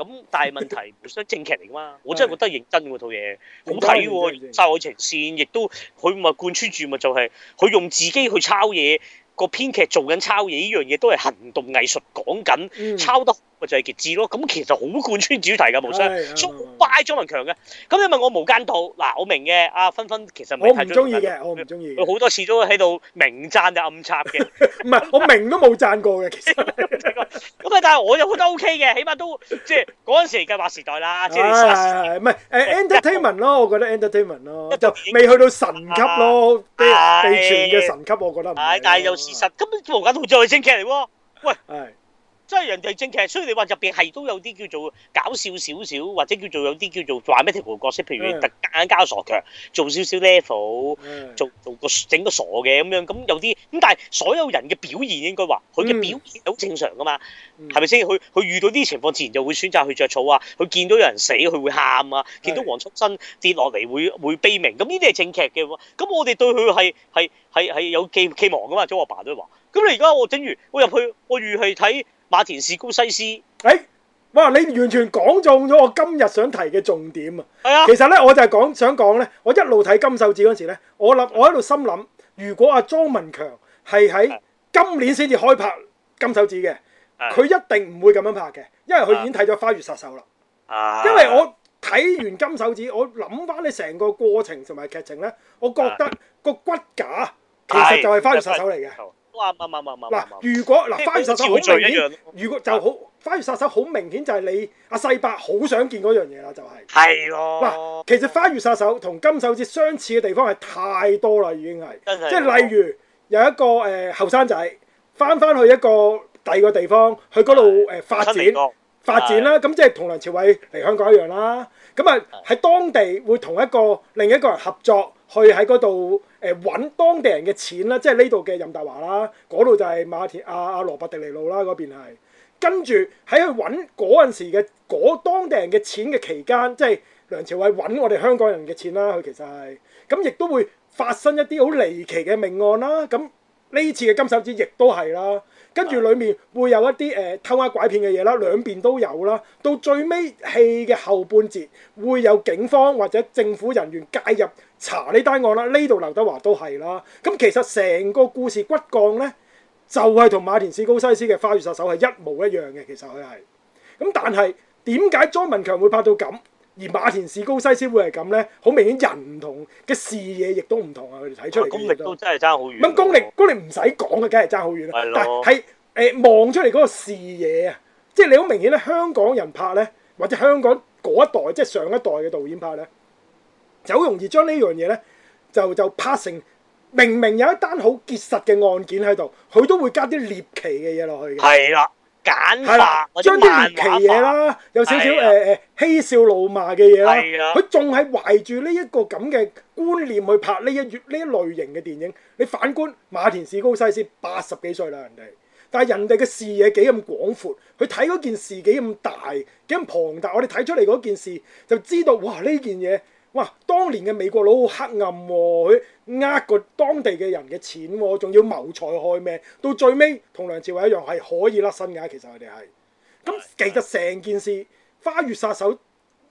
咁 <laughs> 但係問題，唔係正劇嚟嘛？我真係覺得認真喎套嘢， <laughs> <laughs> 好睇喎、哦，曬愛情線，亦都佢咪貫穿住咪就係佢用自己去抄嘢，個編劇做緊抄嘢呢樣嘢都係行動藝術講緊抄得。咪就係極致咯，咁其實好貫穿主題㗎無雙，崇拜莊文強嘅。咁你問我無間道，嗱我明嘅。阿、啊、芬芬其實唔係中意嘅，我唔中意。佢好多次都喺度明讚就暗插嘅，唔係 <laughs> 我明都冇讚過嘅。其實咁啊、 <laughs> 嗯嗯，但係我又覺得 O K 嘅，起碼都即係嗰陣時計劃時代啦。係係係，唔係誒 entertainment 咯，我覺得 entertainment 咯，嗯、就未去到神級咯，啲地嘅神級我覺得、哎。但係又事實根本、啊、無間道再正劇嚟喎。喂。即係人哋正劇，所以你話入邊係都有啲叫做搞笑少少，或者叫做有啲叫做扮咩調嘅角色，譬如特眼交傻強做少少 level，做做個,做個整個傻嘅咁樣咁有啲咁。但係所有人嘅表現應該話佢嘅表現好正常噶嘛，係咪先？佢佢遇到啲情況自然就會選擇去着草啊。佢見到有人死，佢會喊啊；見到黃畜生跌落嚟，會會悲鳴。咁呢啲係正劇嘅喎。咁我哋對佢係係係係有寄寄望噶嘛。即我爸都話：，咁你而家我正如我入去,去，我預去睇。馬田史高西斯，誒、欸，哇！你完全講中咗我今日想提嘅重點啊！係啊，其實呢，我就係講想講呢：我一路睇金手指嗰時呢，我諗我喺度心諗，如果阿、啊、莊文強係喺今年先至開拍金手指嘅，佢、啊、一定唔會咁樣拍嘅，因為佢已經睇咗《花月殺手》啦。啊、因為我睇完《金手指》，我諗翻你成個過程同埋劇情呢，我覺得個骨架其實就係、是《花月殺手》嚟嘅。嗱、啊！如果嗱、啊《花月殺手》欸、好明顯，如果就好《啊、花月殺手》好明顯就係你阿世伯好想見嗰樣嘢啦，就係係咯。嗱、哦啊，其實《花月殺手》同《金手指》相似嘅地方係太多啦，已經係，即係例如有一個誒後生仔翻翻去一個第二個地方，去嗰度誒發展發展啦，咁的即係同梁朝偉嚟香港一樣啦。咁啊喺當地會同一個另一個人合作。去喺嗰度誒揾當地人嘅錢啦，即係呢度嘅任達華啦，嗰度就係馬田阿阿羅拔迪尼路啦，嗰邊係跟住喺佢揾嗰陣時嘅嗰當地人嘅錢嘅期間，即係梁朝偉揾我哋香港人嘅錢啦，佢其實係咁亦都會發生一啲好離奇嘅命案啦，咁呢次嘅金手指亦都係啦。跟住裡面會有一啲誒、呃、偷呃拐騙嘅嘢啦，兩邊都有啦。到最尾戲嘅後半節會有警方或者政府人員介入查呢單案啦。呢度劉德華都係啦。咁、嗯、其實成個故事骨幹咧就係、是、同馬田史高西斯嘅《花月殺手》係一模一樣嘅，其實佢係。咁、嗯、但係點解莊文強會拍到咁？而馬田史高西斯會係咁咧，好明顯人唔同嘅視野亦都唔同啊！佢哋睇出嚟，功力都真係爭好遠。咁功力功力唔使講嘅，梗係爭好遠啦。的但係誒望出嚟嗰個視野啊，即係你好明顯咧，香港人拍咧，或者香港嗰一代即係上一代嘅導演拍咧，就好容易將呢樣嘢咧，就就拍成明明有一單好結實嘅案件喺度，佢都會加啲獵奇嘅嘢落去嘅。係啦。簡法，將啲亂七八糟嘢啦，的有少少誒誒嬉笑怒罵嘅嘢啦，佢仲係懷住呢一個咁嘅觀念去拍呢一月呢一類型嘅電影。你反觀馬田士高西斯，八十幾歲啦，人哋，但係人哋嘅視野幾咁廣闊，佢睇嗰件事幾咁大，幾咁龐大。我哋睇出嚟嗰件，件事，就知道哇呢件嘢，哇當年嘅美國佬好黑暗佢，啊。呃過當地嘅人嘅錢，仲要謀財害命，到最尾同梁朝偉一樣係可以甩身㗎。其實佢哋係咁，其實成件事《花月殺手》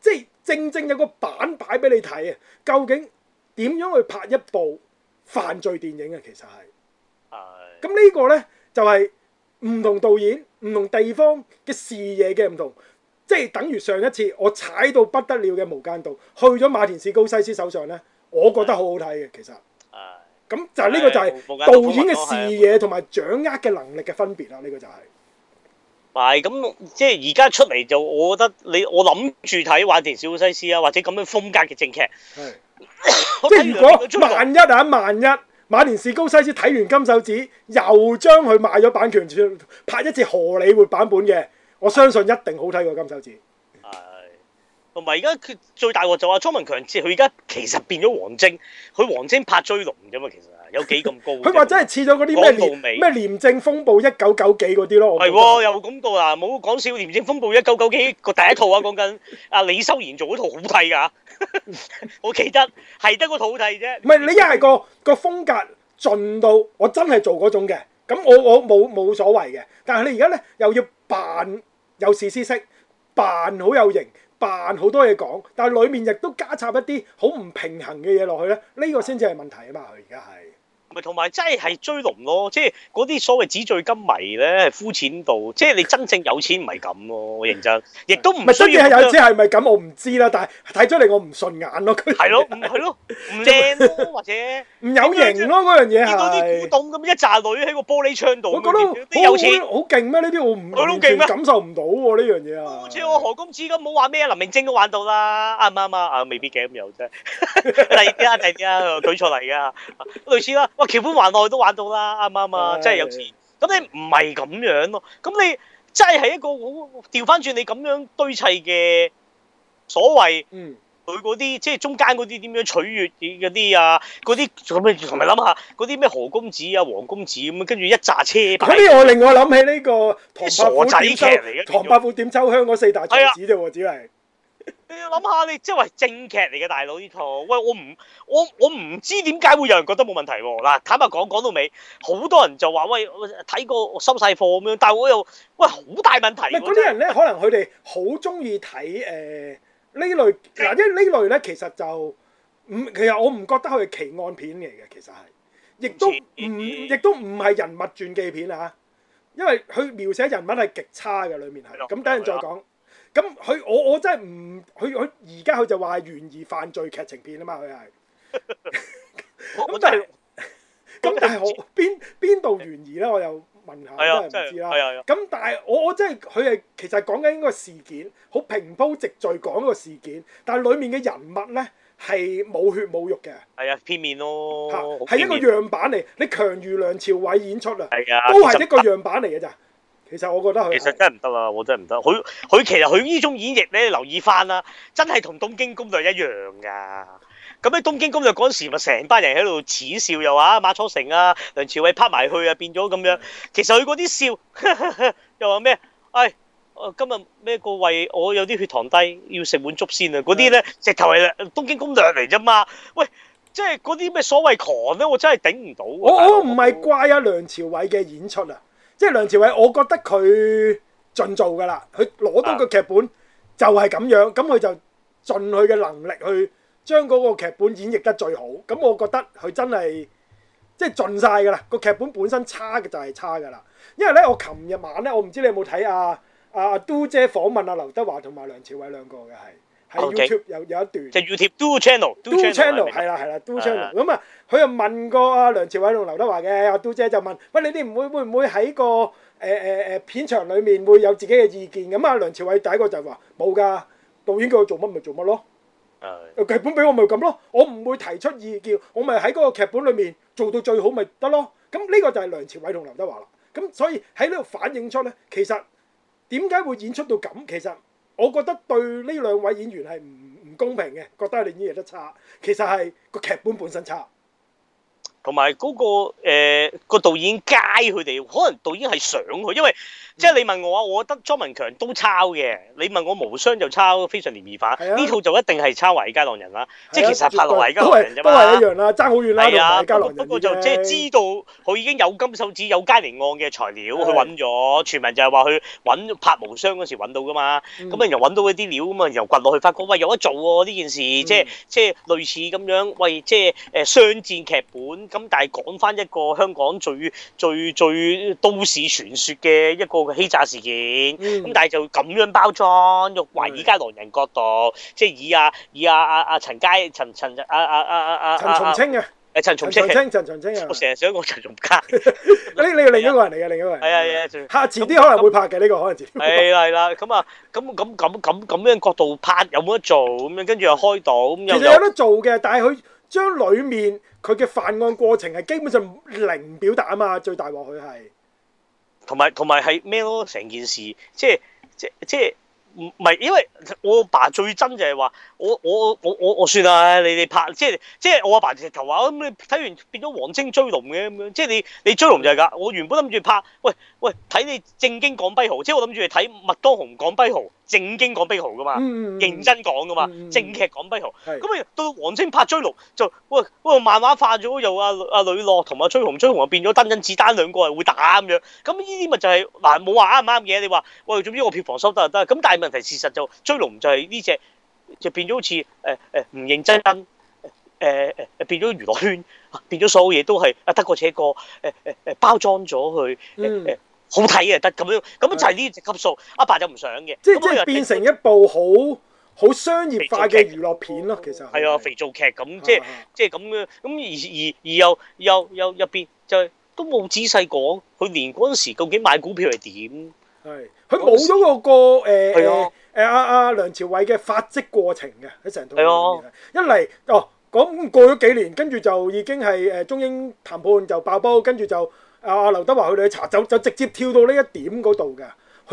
即係正正有個板擺俾你睇啊！究竟點樣去拍一部犯罪電影啊？其實係，咁呢個呢，就係唔同導演、唔同地方嘅視野嘅唔同，即係等於上一次我踩到不得了嘅《無間道》，去咗馬田士高西斯手上呢，我覺得好好睇嘅其實。咁就係呢個就係導演嘅視野同埋掌握嘅能力嘅分別啦，呢個就係。唔係咁，即係而家出嚟就，我覺得你我諗住睇《馬田史高西斯》啊，或者咁樣風格嘅正劇。即係如果萬一啊，萬一《馬田史高西斯》睇完《金手指》，又將佢買咗版權，拍一隻荷里活版本嘅，我相信一定好睇過《金手指》。同埋而家佢最大鑊就話莊文強，佢而家其實變咗王晶，佢王晶拍追龍啫嘛，其實有幾咁高？佢話 <laughs> 真係似咗嗰啲咩咩廉政風暴一九九幾嗰啲咯，係喎，有咁到？嗱，冇講笑廉政風暴一九九幾個第一套啊，講緊阿李修賢做嗰套好睇㗎， <laughs> 我記得係得個套好睇啫。唔係 <laughs> 你一係個個風格盡到我我，我真係做嗰種嘅，咁我我冇冇所謂嘅。但係你而家咧又要扮有事私識，扮好有型。扮好多嘢講，但係裡面亦都加插一啲好唔平衡嘅嘢落去咧，呢個先至係問題啊嘛！佢而家係。同埋真係係追龍咯，即係嗰啲所謂紙醉金迷咧，膚淺到，即係你真正有錢唔係咁咯。我認真，亦都唔係需要有錢係咪咁？我唔知啦，但係睇出嚟我唔順眼咯。佢，係咯，係咯，正或者唔 <laughs> 有型咯，嗰樣嘢係。見到啲的古董咁一紮女喺個玻璃窗度，我覺得有錢好，好勁咩？呢啲我唔完全感受唔到喎，呢樣嘢好似我、啊啊、何公子咁，冇話咩林明晶都玩到啦，啱唔啱啊？啊未必嘅咁又啫， <laughs> 第二啲啊，第二啲啊，啊，啊，啊，舉出嚟噶、啊，類似啦、啊。哇！哦、橋本盤還內都玩到啦，啱唔啱啊？真係有錢，咁的你唔係咁樣咯，咁你真係一個好調翻轉你咁樣堆砌嘅所謂，嗯，佢嗰啲即係中間嗰啲點樣取悅嘅啲啊，嗰啲咁，同埋諗下嗰啲咩何公子啊、黃公子咁、啊、樣，跟住一紮車牌。嗰我令我諗起呢個傻仔劇嚟嘅，唐伯虎點秋香嗰四大才子啫喎，只係。你要諗下，你即係話正劇嚟嘅大佬呢套，喂，我唔，我我唔知點解會有人覺得冇問題喎。嗱，坦白講，講到尾，好多人就話喂睇過收晒貨咁樣，但係我又喂好大問題、啊。嗰啲人咧，但 可能佢哋好中意睇誒呢類，嗱因為呢類咧，其實就唔，其實我唔覺得佢係奇案片嚟嘅，其實係，亦都唔，亦、嗯、都唔係人物傳記片啊，因為佢描寫人物係極差嘅，裏面係，咁的的等陣再講。咁佢我我真係唔佢佢而家佢就話係懸疑犯罪劇情片啊嘛，佢係，咁 <laughs> 我 <laughs> 但係，咁 <laughs> 但係我邊邊度懸疑咧？我又問下，真係唔知啦。咁、哎、呦但係我我真係佢係其實講緊一個事件，好平鋪直敍講個事件，事件但係裡面嘅人物咧係冇血冇肉嘅，係啊，片面咯，係一個樣板嚟。你強如梁朝偉演出啊，都係一個樣板嚟嘅咋。其實我覺得佢，其實真係唔得啦，我真係唔得。佢佢其實佢呢種演繹咧，留意翻啦，真係同《東京攻略》一樣噶。咁喺《東京攻略》嗰時，咪成班人喺度恥笑又話，馬楚成啊、梁朝偉拍埋去啊，變咗咁樣。其實佢嗰啲笑， <laughs> 又話咩？誒、哎，今日咩個胃？我有啲血糖低，要食碗粥先啊。嗰啲咧，直頭係《東京攻略》嚟啫嘛。喂，即係嗰啲咩所謂狂咧，我真係頂唔到。我唔係怪啊梁朝偉嘅演出啊。即係梁朝偉，我覺得佢盡做㗎啦。佢攞到個劇本就係咁樣，咁佢就盡佢嘅能力去將嗰個劇本演繹得最好。咁我覺得佢真係即係盡晒㗎啦。個劇本本身差嘅就係差㗎啦。因為咧，我琴日晚咧，我唔知你有冇睇啊，啊都姐訪問啊，劉德華同埋梁朝偉兩個嘅係。喺 YouTube 有有一段，okay. 就 YouTube do channel do channel 係啦係啦 do channel 咁啊，佢就的、嗯、問過阿梁朝偉同劉德華嘅阿 do 姐就問，喂你哋唔會會唔會喺個誒誒誒片場裏面會有自己嘅意見咁啊，梁朝偉第一個就話冇噶，導演叫、嗯、我做乜咪做乜咯，誒劇本俾我咪咁咯，我唔會提出意見，我咪喺嗰個劇本裏面做到最好咪得咯。咁呢個就係梁朝偉同劉德華啦。咁所以喺呢度反映出咧，其實點解會演出到咁？其實。我覺得對呢兩位演員係唔唔公平嘅，覺得你演得差，其實係個劇本本身差。同埋嗰個誒、欸那個導演街佢哋，可能導演係想佢，因為即係你問我啊，我覺得莊文強都抄嘅。你問我無雙就抄《非常嫌疑犯》啊，呢套就一定係抄《華爾街浪人》啦、啊。即係其實拍落《華爾街浪人》啫嘛。都係一樣啦，爭好遠啦、啊。不過就即係知道佢已經有金手指、有佳寧案嘅材料去揾咗。傳聞、啊、就係話佢拍無雙嗰時揾到噶嘛。咁啊、嗯、又揾到一啲料啊嘛，然後又掘落去發覺喂有得做喎、啊、呢件事，嗯、即係即係類似咁樣，喂即係誒商戰劇本。咁但係講翻一個香港最最最都市傳說嘅一個欺詐事件，咁但係就咁樣包裝用華爾街狼人角度，即係以阿以阿阿阿陳佳陳陳阿阿阿阿陳松青嘅，誒陳松青陳松青嘅，我成日想講陳松卡，你你另一個人嚟嘅，另一個人，係啊係啊，下遲啲可能會拍嘅呢個可能，係啦係啦，咁啊咁咁咁咁咁樣角度拍有冇得做咁樣，跟住又開到，其實有得做嘅，但係佢將裏面。佢嘅犯案過程係基本上零表達啊嘛，最大鑊佢係同埋同埋係咩咯？成件事即係即係即係唔係因為我阿爸最真就係話我我我我我算啦，你哋拍即係即係我阿爸直頭話，咁你睇完變咗黃精追龍嘅咁樣，即你你追龍就係㗎。我原本諗住拍喂。喂，睇你正經講跛豪，即係我諗住你睇麥當雄講跛豪，正經講跛豪㗎嘛，嗯嗯認真講㗎嘛，嗯嗯正劇講跛豪。咁啊是的，到王晶拍追龍就，喂喂，漫畫化咗，又阿阿呂樂同阿追龍，追龍就變咗單影子丹兩個人會打咁樣。咁呢啲咪就係、是、嗱，冇話啱唔啱嘅。你話，喂，總之我票房收得又得。咁但係問題事實就，追龍就係呢隻就變咗好似誒誒唔認真，誒誒誒變咗娛樂圈，變咗所有嘢都係阿得過且過誒誒誒包裝咗去誒、呃呃呃呃嗯好睇啊，得咁樣，咁就係呢隻級數。阿爸就唔想嘅，即係即係變成一部好好商業化嘅娛樂片咯。其實係啊小小、哦，肥皂劇咁、嗯，即係即係咁樣。咁、哦、而而而又又又入邊就都冇仔細講佢連嗰陣時究竟買股票係點。係，佢冇咗個誒誒誒阿阿梁朝偉嘅發跡過程嘅喺成套入面一嚟哦，咁過咗幾年，跟住就已經係誒中英談判就爆煲，跟住就。啊！劉德華佢哋去查酒，就直接跳到呢一點嗰度嘅，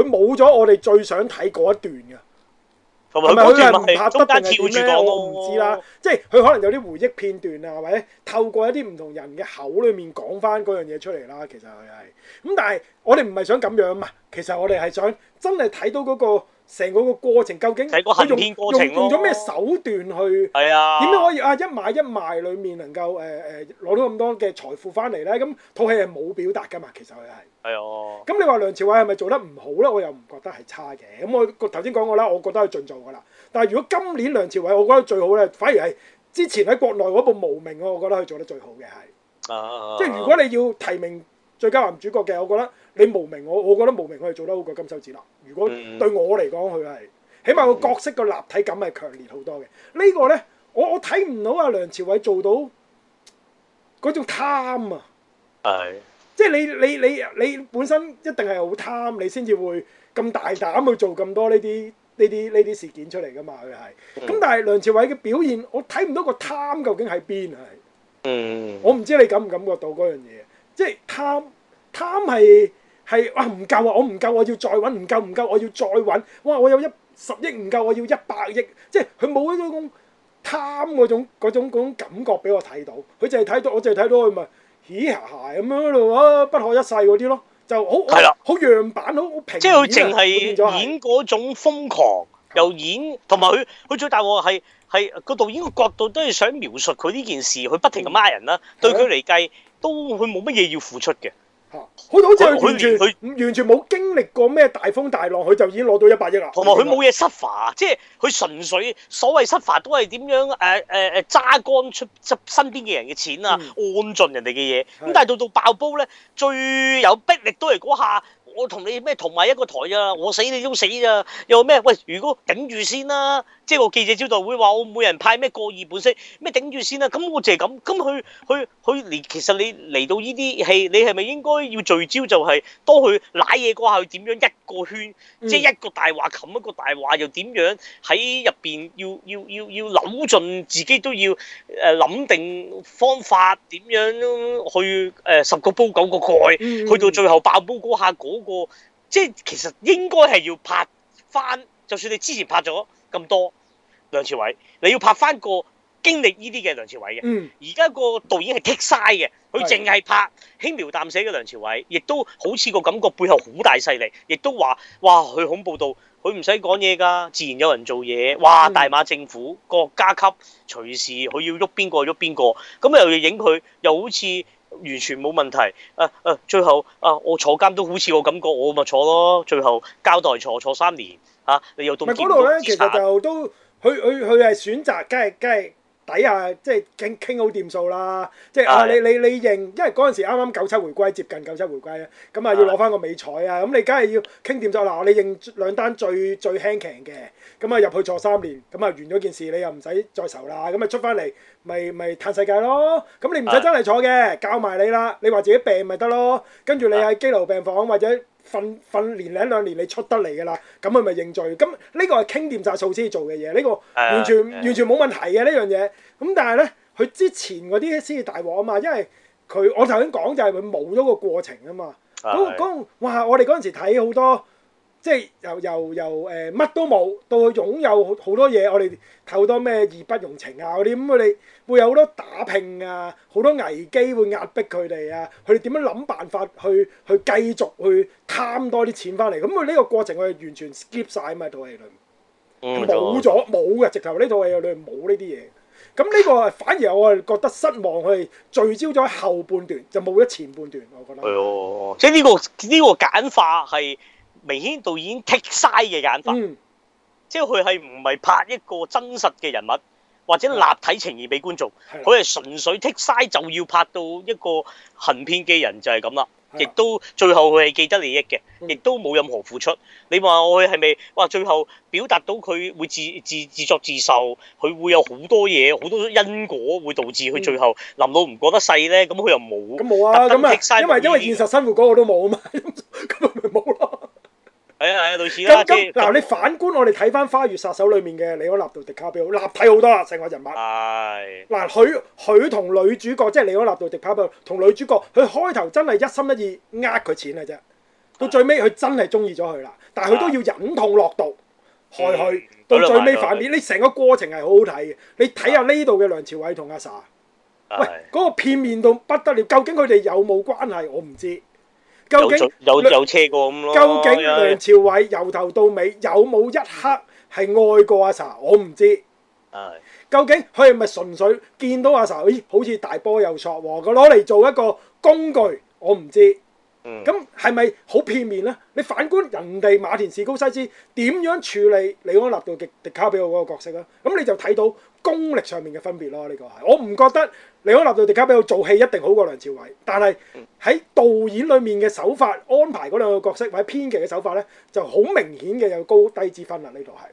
佢冇咗我哋最想睇嗰一段嘅。同埋佢唔拍得定嘅咩？我唔知啦。即係佢可能有啲回憶片段啊，係咪？透過一啲唔同人嘅口裏面講返嗰樣嘢出嚟啦。其實佢係咁，但係我哋唔係想咁樣嘛。其實我哋係想真係睇到嗰、嗰個。成個個過程究竟佢用用咗咩手段去？係啊、哎呀，點樣可以啊一買一賣裡面能夠誒誒攞到咁多嘅財富翻嚟咧？咁套戲係冇表達噶嘛，其實佢係。係哦、哎呦。咁你話梁朝偉係咪做得唔好咧？我又唔覺得係差嘅。咁我頭先講過啦，我覺得係盡做噶啦。但係如果今年梁朝偉，我覺得最好咧，反而係之前喺國內嗰部無名，我覺得佢做得最好嘅係。啊。即係如果你要提名最佳男主角嘅，我覺得。你無名，我我覺得無名佢係做得好過金手指啦。如果對我嚟講，佢係、嗯、起碼個角色個立體感係強烈好多嘅。呢、呢個呢，我我睇唔到阿梁朝偉做到嗰種貪啊！係、嗯，即係你你你你本身一定係好貪，你先至會咁大膽去做咁多呢啲呢啲呢啲事件出嚟㗎嘛？佢係。咁、嗯、但係梁朝偉嘅表現，我睇唔到個貪究竟喺邊啊！嗯，我唔知你感唔感覺到嗰樣嘢，即係貪貪係。係哇，唔夠啊！我唔夠，我要再揾，唔夠，唔夠，我要再揾哇！我有一十億，唔夠，我要一百億，即係佢冇呢種貪嗰種嗰種感覺俾我睇到，佢淨係睇到，我淨係睇到佢咪嘻下哈哈咁樣咯，不可一世嗰啲咯，就好係啦，好樣板，好好平。即係佢淨係演嗰種瘋狂，又演同埋佢佢最大鑊係係個導演個角度都係想描述佢呢件事，佢不停咁呃人啦，嗯、對佢嚟計都佢冇乜嘢要付出嘅。吓，佢好似完全佢完全冇經歷過咩大風大浪，佢就已經攞到一百億啦。同埋佢冇嘢失伐，嗯、即係佢純粹所謂失伐都係點樣誒誒誒揸乾出執身邊嘅人嘅錢啊，嗯、按盡人哋嘅嘢。咁是的 但係到到爆煲咧，最有迫力都係嗰下。我同你咩同埋一個台啊，我死你都死咋，啊，又咩？喂，如果頂住先啦，啊，即係個記者招待會話，我每人派咩過二本色，咩頂住先啦，啊。咁我就係咁，咁佢佢佢嚟，其實你嚟到呢啲戲，你係咪應該要聚焦就係多去賴嘢嗰下，點樣一個圈，嗯、即係一個大話冚一個大話又點樣喺入邊要要要要扭盡自己都要誒諗、呃、定方法，點樣去誒、呃、十個煲九個蓋、嗯嗯、去到最後爆煲嗰下嗰。那個個即係其實應該係要拍翻，就算你之前拍咗咁多梁朝偉，你要拍翻個經歷呢啲嘅梁朝偉嘅。嗯，而家個導演係棘晒嘅，佢淨係拍輕描淡寫嘅梁朝偉，亦都好似個感覺背後好大勢力，亦都話哇佢恐怖到佢唔使講嘢㗎，自然有人做嘢。哇！大馬政府國家級隨時佢要喐邊個喐邊個，咁又要影佢，又好似。完全冇問題。誒、啊、誒、啊，最後啊，我坐監都好似我感覺，我咪坐咯。最後交代坐坐三年嚇、啊，你又到嗰度咧，資產 其實就都佢佢佢係選擇，梗係梗係底下即係傾傾好掂數啦。即、就、係、是、是的 啊，你你你認，因為嗰陣時啱啱九七回歸，接近九七回歸咧，咁啊要攞翻個美彩啊，咁是的 你梗係要傾掂咗啦，你認兩單最最輕贏嘅，咁啊入去坐三年，咁啊完咗件事，你又唔使再愁啦，咁啊出翻嚟。咪咪嘆世界咯，咁你唔使真係坐嘅，是的 教埋你啦。你話自己病咪得咯，跟住你喺羈留病房或者瞓瞓年零兩年，你出得嚟噶啦，咁佢咪認罪。咁呢個係傾掂曬數先做嘅嘢，呢、呢個完全是的 完全冇問題嘅是的 呢樣嘢。咁但係咧，佢之前嗰啲先至大鑊啊嘛，因為佢我頭先講就係佢冇咗個過程啊嘛。咁咁哇，我哋嗰陣時睇好多。即係由又又誒乜都冇，到去擁有好多嘢。我哋睇好多咩義不容情啊嗰啲，咁佢哋會有好多打拼啊，好多危機會壓迫佢哋啊。佢哋點樣諗辦法去去繼續去貪多啲錢翻嚟？咁佢呢個過程我哋完全 skip 晒啊嘛，套戲裏面冇咗冇嘅，直頭呢套戲裏面冇呢啲嘢。咁呢個反而我哋覺得失望，佢係聚焦咗喺後半段就冇咗前半段。我覺得係、哎、即係呢、呢個呢、呢個簡化係。明顯導演剔曬嘅眼法，即係佢係唔係拍一個真實嘅人物或者立體情義俾觀眾？佢係純粹剔曬就要拍到一個行騙嘅人就係咁啦。亦都最後佢係既得利益嘅，亦都冇任何付出。你話我佢係咪哇？最後表達到佢會自自自作自受，佢會有好多嘢，好多因果會導致佢最後林老唔覺得細咧？咁佢又冇咁冇啊！咁啊，因為因為現實生活嗰個都冇啊嘛，咁係啊係啊，類似啦。嗱，你反觀我哋睇翻《花月殺手》裏面嘅李安納度迪卡比，好立體好多啦，成個人物。係嗱、哎，佢許同女主角即係李安納度迪卡比，同女主角，佢開頭真係一心一意呃佢錢嘅啫，到最尾佢真係中意咗佢啦。哎、但係佢都要忍痛落毒害佢，到最尾反面，嗯、迪迪你成個過程係好好睇嘅。你睇下呢度嘅梁朝偉同阿 sa、哎、喂，嗰、那個片面到不得了。究竟佢哋有冇關係，我唔知。究竟有有車過咁咯？究竟梁朝偉由頭到尾有冇一刻係愛過阿 Sa 我唔知。係，究竟佢係咪純粹見到阿 Sa 咦，好似大波又錯喎！佢攞嚟做一個工具，我唔知。嗯，咁係咪好片面咧？你反觀人哋馬田士高西斯點樣處理李安納度迪卡比奧嗰個角色咧？咁你就睇到。功力上面嘅分別咯，呢、這個係我唔覺得里安納度狄卡比我做戲一定好過梁朝偉，但係喺導演裡面嘅手法安排嗰兩個角色，或者編劇嘅手法咧，就好明顯嘅有高低之分啊！呢度係，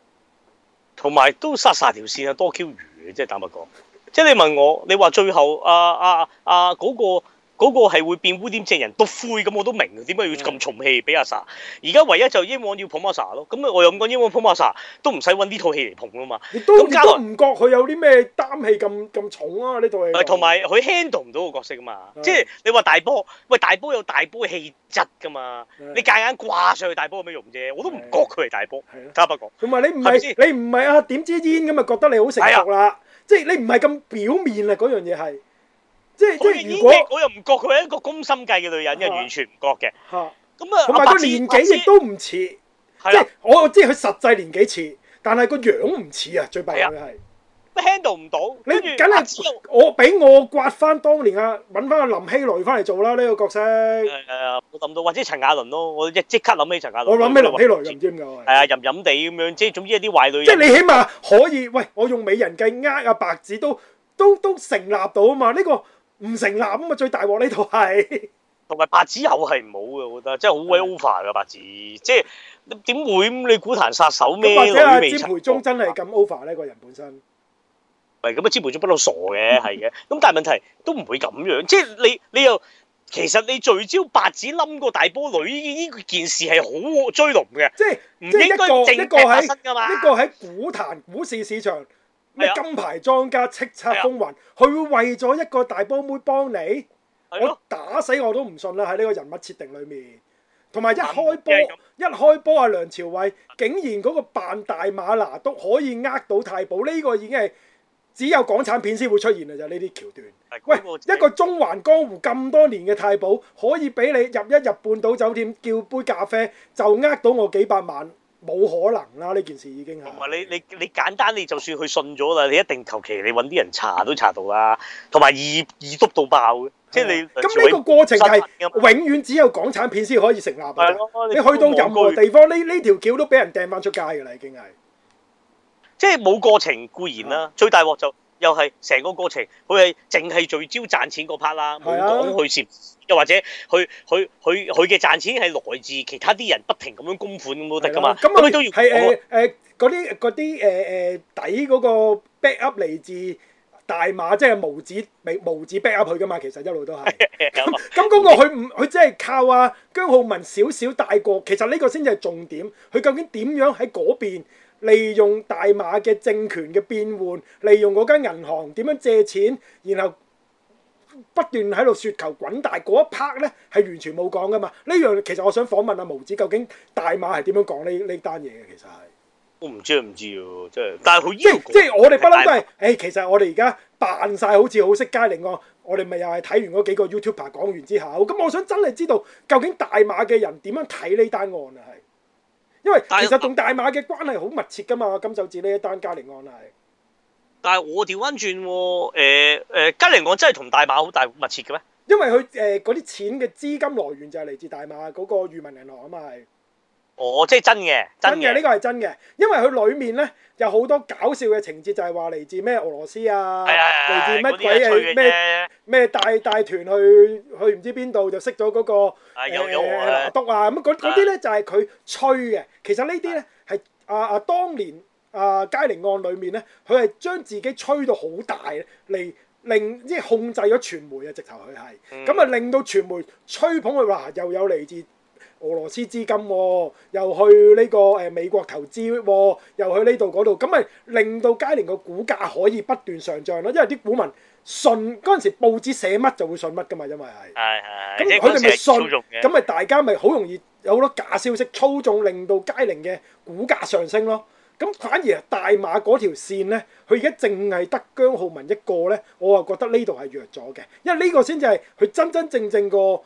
同埋都殺殺條線啊，多 Q 餘啊，即係坦白講，即係你問我，你話最後啊啊啊嗰個。嗰個係會變污點證人篤灰，咁我都明點解要咁重戲俾阿 sa。而家唯一就英皇要捧阿 sa 咯，咁我又咁講英皇捧阿 sa 都唔使揾呢套戲嚟捧啦嘛。亦都唔上覺佢有啲咩擔戲咁咁重啊呢套戲。同埋佢 handle 唔到個角色啊嘛，即係的你話大波，喂大波有大波氣質噶嘛，的你夾硬掛上去大波有咩用啫？我都唔覺佢係大波，差的不夠。同埋的你唔係你唔係啊？點支煙咁啊？覺得你好成熟啦，即係你唔係咁表面啊嗰樣嘢係。即係即係，如果我又唔覺佢係一個攻心計嘅女人因為，完全唔覺嘅。吓咁啊，同埋個年紀亦都唔似，即係我即係佢實際年紀似，但係個樣唔似啊，最弊係 handle 唔到。你梗係我俾我刮翻當年啊，搵翻阿林熙蕾翻嚟做啦呢個角色。誒我諗到或者陳雅倫咯，我即即刻諗起陳雅倫。我諗起林熙蕾就唔知咁係啊，陰陰哋咁樣即係，總之一啲壞女人。即係你起碼可以喂我用美人計呃阿白紙都都都成立到啊嘛？呢個唔成立咁啊！最大鑊呢套係同埋白紙又係唔好嘅，我覺得真係好鬼 over 嘅白紙，即係點會咁？你股壇殺手咩？或者係詹培忠真係咁 over 呢個人本身唔係咁啊！詹培忠不嬲傻嘅，係嘅。咁 <laughs> 但係問題都唔會咁樣，即係你你又其實你聚焦白紙冧個大波女呢呢件事係好追龍嘅，即係是唔應該一個發生㗎嘛？呢個喺股壇股市市場。咩金牌莊家叱咤風雲，佢的會為咗一個大波妹幫你？的我打死我都唔信啦！喺呢個人物設定裏面，同埋一開波、嗯、一開波啊、嗯，梁朝偉竟然嗰個扮大馬拿督可以呃到太保，呢、這個已經係只有港產片先會出現嘅就呢啲橋段，的喂，的一個中環江湖咁多年嘅太保，可以俾你入一入半島酒店叫杯咖啡就呃到我幾百萬？冇可能啦！呢件事已經係唔係你你你簡單，你就算去信咗啦，你一定求其你搵啲人查都查到啦，同埋易易篤到爆嘅，的即係你咁呢今 會個過程係永遠只有港產片先可以成立嘅。你，你去到任何地方，呢呢條橋都俾人掟翻出街嘅啦，已經係即係冇過程固然啦、啊，的最大鑊就是。又係成個過程，佢係淨係聚焦賺錢嗰 part 啦，冇講去蝕，又、啊、或者去去去佢嘅賺錢係來自其他啲人不停咁樣供款咁都得㗎嘛。咁啊，係誒誒嗰啲嗰啲誒誒底嗰個 back up 嚟自大馬，即係無紙無紙 back up 去㗎嘛。其實一路都係咁咁嗰個佢唔佢真係靠阿、啊、姜浩文少少帶過，其實呢個先至係重點。佢究竟點樣喺嗰邊？利用大馬嘅政權嘅變換，利用嗰間銀行點樣借錢，然後不斷喺度雪球滾大，嗰一 part 咧係完全冇講㗎嘛？呢樣其實我想訪問阿、啊、毛子究竟大馬係點樣講呢呢單嘢嘅？其實係我唔知唔知喎，真係但係佢應即係我哋不嬲都係，誒、哎，其實我哋而家扮晒好似好識佳靈案，我哋咪又係睇完嗰幾個 YouTuber 講完之後，咁我想真係知道究竟大馬嘅人點樣睇呢單案啊？係。因為其實同大馬嘅關係好密切噶嘛，金手指呢一單佳寧案啦。但係我調翻轉喎，誒、呃、誒，佳、呃、寧案真係同大馬好大密切嘅咩？因為佢誒嗰啲錢嘅資金來源就係嚟自大馬嗰個裕民銀行啊嘛。是哦，即係真嘅，真嘅呢個係真嘅，因為佢裏面咧有好多搞笑嘅情節，就係話嚟自咩俄羅斯啊，嚟、哎、呀自乜鬼嘢，咩咩帶帶團去去唔知邊度就識咗嗰、嗰個啊又毒啊咁嗰啲咧就係佢吹嘅，其實呢啲咧係阿阿當年阿、啊、佳寧案裏面咧，佢係將自己吹到好大，嚟令即係控制咗傳媒啊，直頭佢係，咁啊令到傳媒吹捧佢話又有嚟自俄羅斯資金喎、哦，又去呢、這個誒、呃、美國投資喎、哦，又去呢度嗰度，咁咪令到佳寧個股價可以不斷上漲咯。因為啲股民信嗰陣時報紙寫乜就會信乜噶嘛，因為係。係係，咁佢哋咪信，咁咪大家咪好容易有好多假消息操縱，令到佳寧嘅股價上升咯。咁反而大馬嗰條線咧，佢而家淨係得姜浩文一個咧，我就覺得呢度係弱咗嘅，因為呢個先至係佢真真正正個。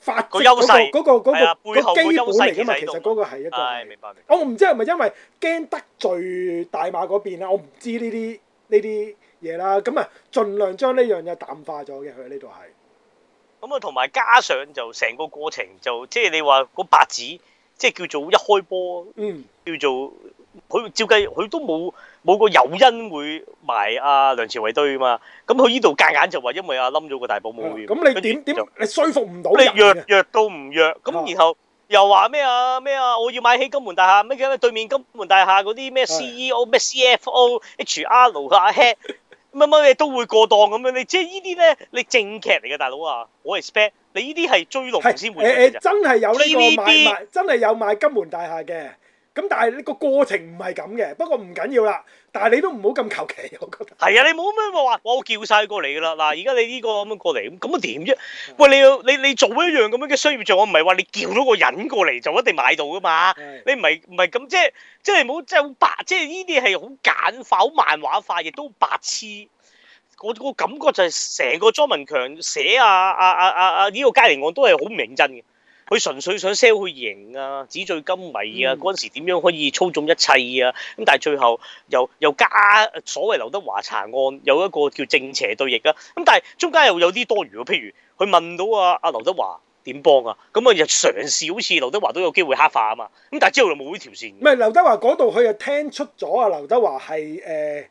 法式嗰、那個嗰、那個嗰、那個個基本嚟噶嘛，其實嗰個係一個，哎、明白明白，我唔知係咪、就是、因為驚得罪大馬嗰邊啦，我唔知呢啲呢啲嘢啦，咁啊，儘量將呢樣嘢淡化咗嘅佢呢度係。咁啊，同埋加上就成個過程就即係、就是、你話個白紙，即、就、係、是、叫做一開波，嗯、叫做佢照計佢都冇。冇個誘因會埋阿梁朝偉堆噶嘛？咁佢呢度夾硬就話，因為阿冧咗個大保母。咁、嗯、你點點？你說服唔到人弱弱到唔弱，咁然後又話咩啊咩啊？我要買起金門大廈咩叫？咩？對面金門大廈嗰啲咩 CEO 咩 CFO、FO, HR 阿 Head，乜乜嘢都會過檔咁樣。你即係呢啲咧，你正劇嚟嘅大佬啊！我係 expect，你呢啲係追龍先會真係有呢啲？真係有買金門大廈嘅。咁但係個過程唔係咁嘅，不過唔緊要啦。但係你都唔好咁求其，我覺得係啊，你冇咁樣話，我叫晒過嚟噶啦。嗱，而家你呢個咁樣過嚟咁，咁啊點啫？喂，你要你你做一樣咁樣嘅商業罪，我唔係話你叫到個人過嚟就一定買到噶嘛？是的 你唔係唔係咁，即係即係好，即係好白，即係呢啲係好簡化、好漫畫化，亦都好白痴。我個感覺就係成個莊文強寫啊啊啊啊啊呢、這個佳寧案都係好唔認真嘅。佢純粹想 sell 佢型啊，紙醉金迷啊，嗰陣、嗯、時點樣可以操縱一切啊？咁但係最後又又加所謂劉德華查案，有一個叫正邪對弈啊！咁但係中間又有啲多餘喎，譬如佢問到啊啊劉德華點幫啊？咁啊就嘗試好似劉德華都有機會黑化啊嘛！咁但係之後又冇呢條線。唔係劉德華嗰度，佢又聽出咗啊，劉德華係誒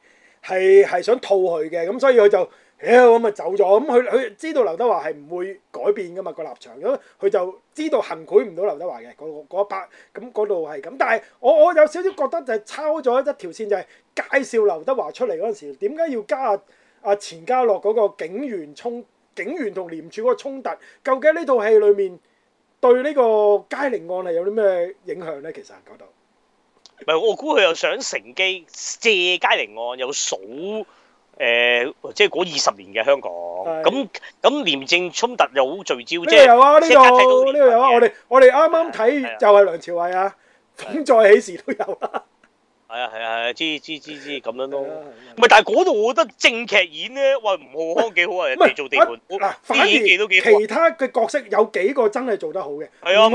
係係想套佢嘅，咁所以佢就。咁咪、哎、走咗，咁佢佢知道劉德華係唔會改變噶嘛個立場，咁佢就知道行賄唔到劉德華嘅嗰嗰一拍，咁嗰度係。咁但係我我有少少覺得就係抄咗一條線，就係介紹劉德華出嚟嗰陣時，點解要加阿阿錢嘉樂嗰個警員，衝警員同廉署嗰個衝突，究竟呢套戲裡面對呢個佳寧案係有啲咩影響咧？其實講到唔係，我估佢又想乘機借佳寧案有數。誒，即係嗰二十年嘅香港，咁咁廉政衝突又好聚焦，即係有啊，呢個呢個有啊，我哋我哋啱啱睇就係梁朝偉啊，風再起時都有啦，係啊係啊係，之之之之咁樣咯，唔係，但係嗰度我覺得正劇演咧，喂吳浩康幾好啊，人哋做地盤，嗱反而其他嘅角色有幾個真係做得好嘅，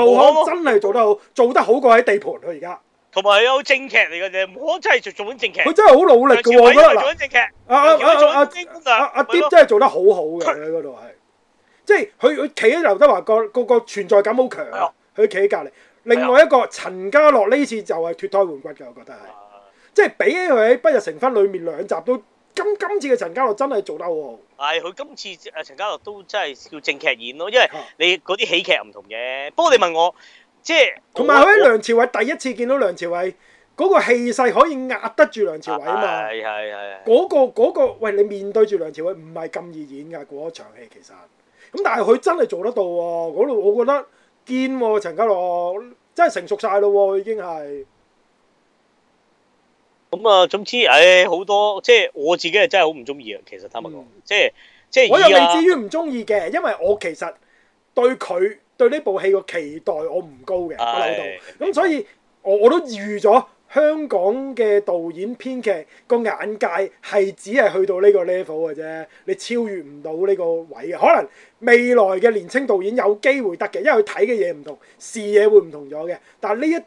吳浩康真係做得好，做得好過喺地盤咯而家。同埋係有正劇嚟嘅啫，我, então, 我真係做做緊正劇。佢真係好努力噶喎，做緊正劇。啊啊啊啊啊啊！阿、啊、阿真係做得好好嘅喺嗰度，係即係佢佢企喺劉德華個個存在感好強，佢企喺隔籬。另外一個陳家樂呢次就係脫胎換骨嘅，我覺得係、啊，即係比起佢喺《不日成婚》裏面兩集都今今次嘅陳家樂真係做得好好。係佢今次誒陳家樂都真係叫正劇演咯，因為你嗰啲喜劇唔同嘅。不過你問我？即係，同埋佢喺梁朝偉第一次見到梁朝偉嗰、那個氣勢，可以壓得住梁朝偉啊嘛。係係係。嗰、那個嗰、那個，喂，你面對住梁朝偉唔係咁易演㗎嗰場戲，那個、戲其實咁，但係佢真係做得到喎、啊。嗰、那、度、個、我覺得堅喎，陳家樂真係、啊、成熟晒咯、啊，已經係。咁啊，總之，唉、哎，好多即係我自己係真係好唔中意啊。其實坦白講、嗯，即係即係。我又未至於唔中意嘅，因為我其實對佢。對呢部戲個期待我唔高嘅，咁的，嗯、所以我我都預咗香港嘅導演編劇個眼界係只係去到呢個 level 嘅啫，你超越唔到呢個位嘅。可能未來嘅年輕導演有機會得嘅，因為佢睇嘅嘢唔同，視野會唔同咗嘅。但係呢一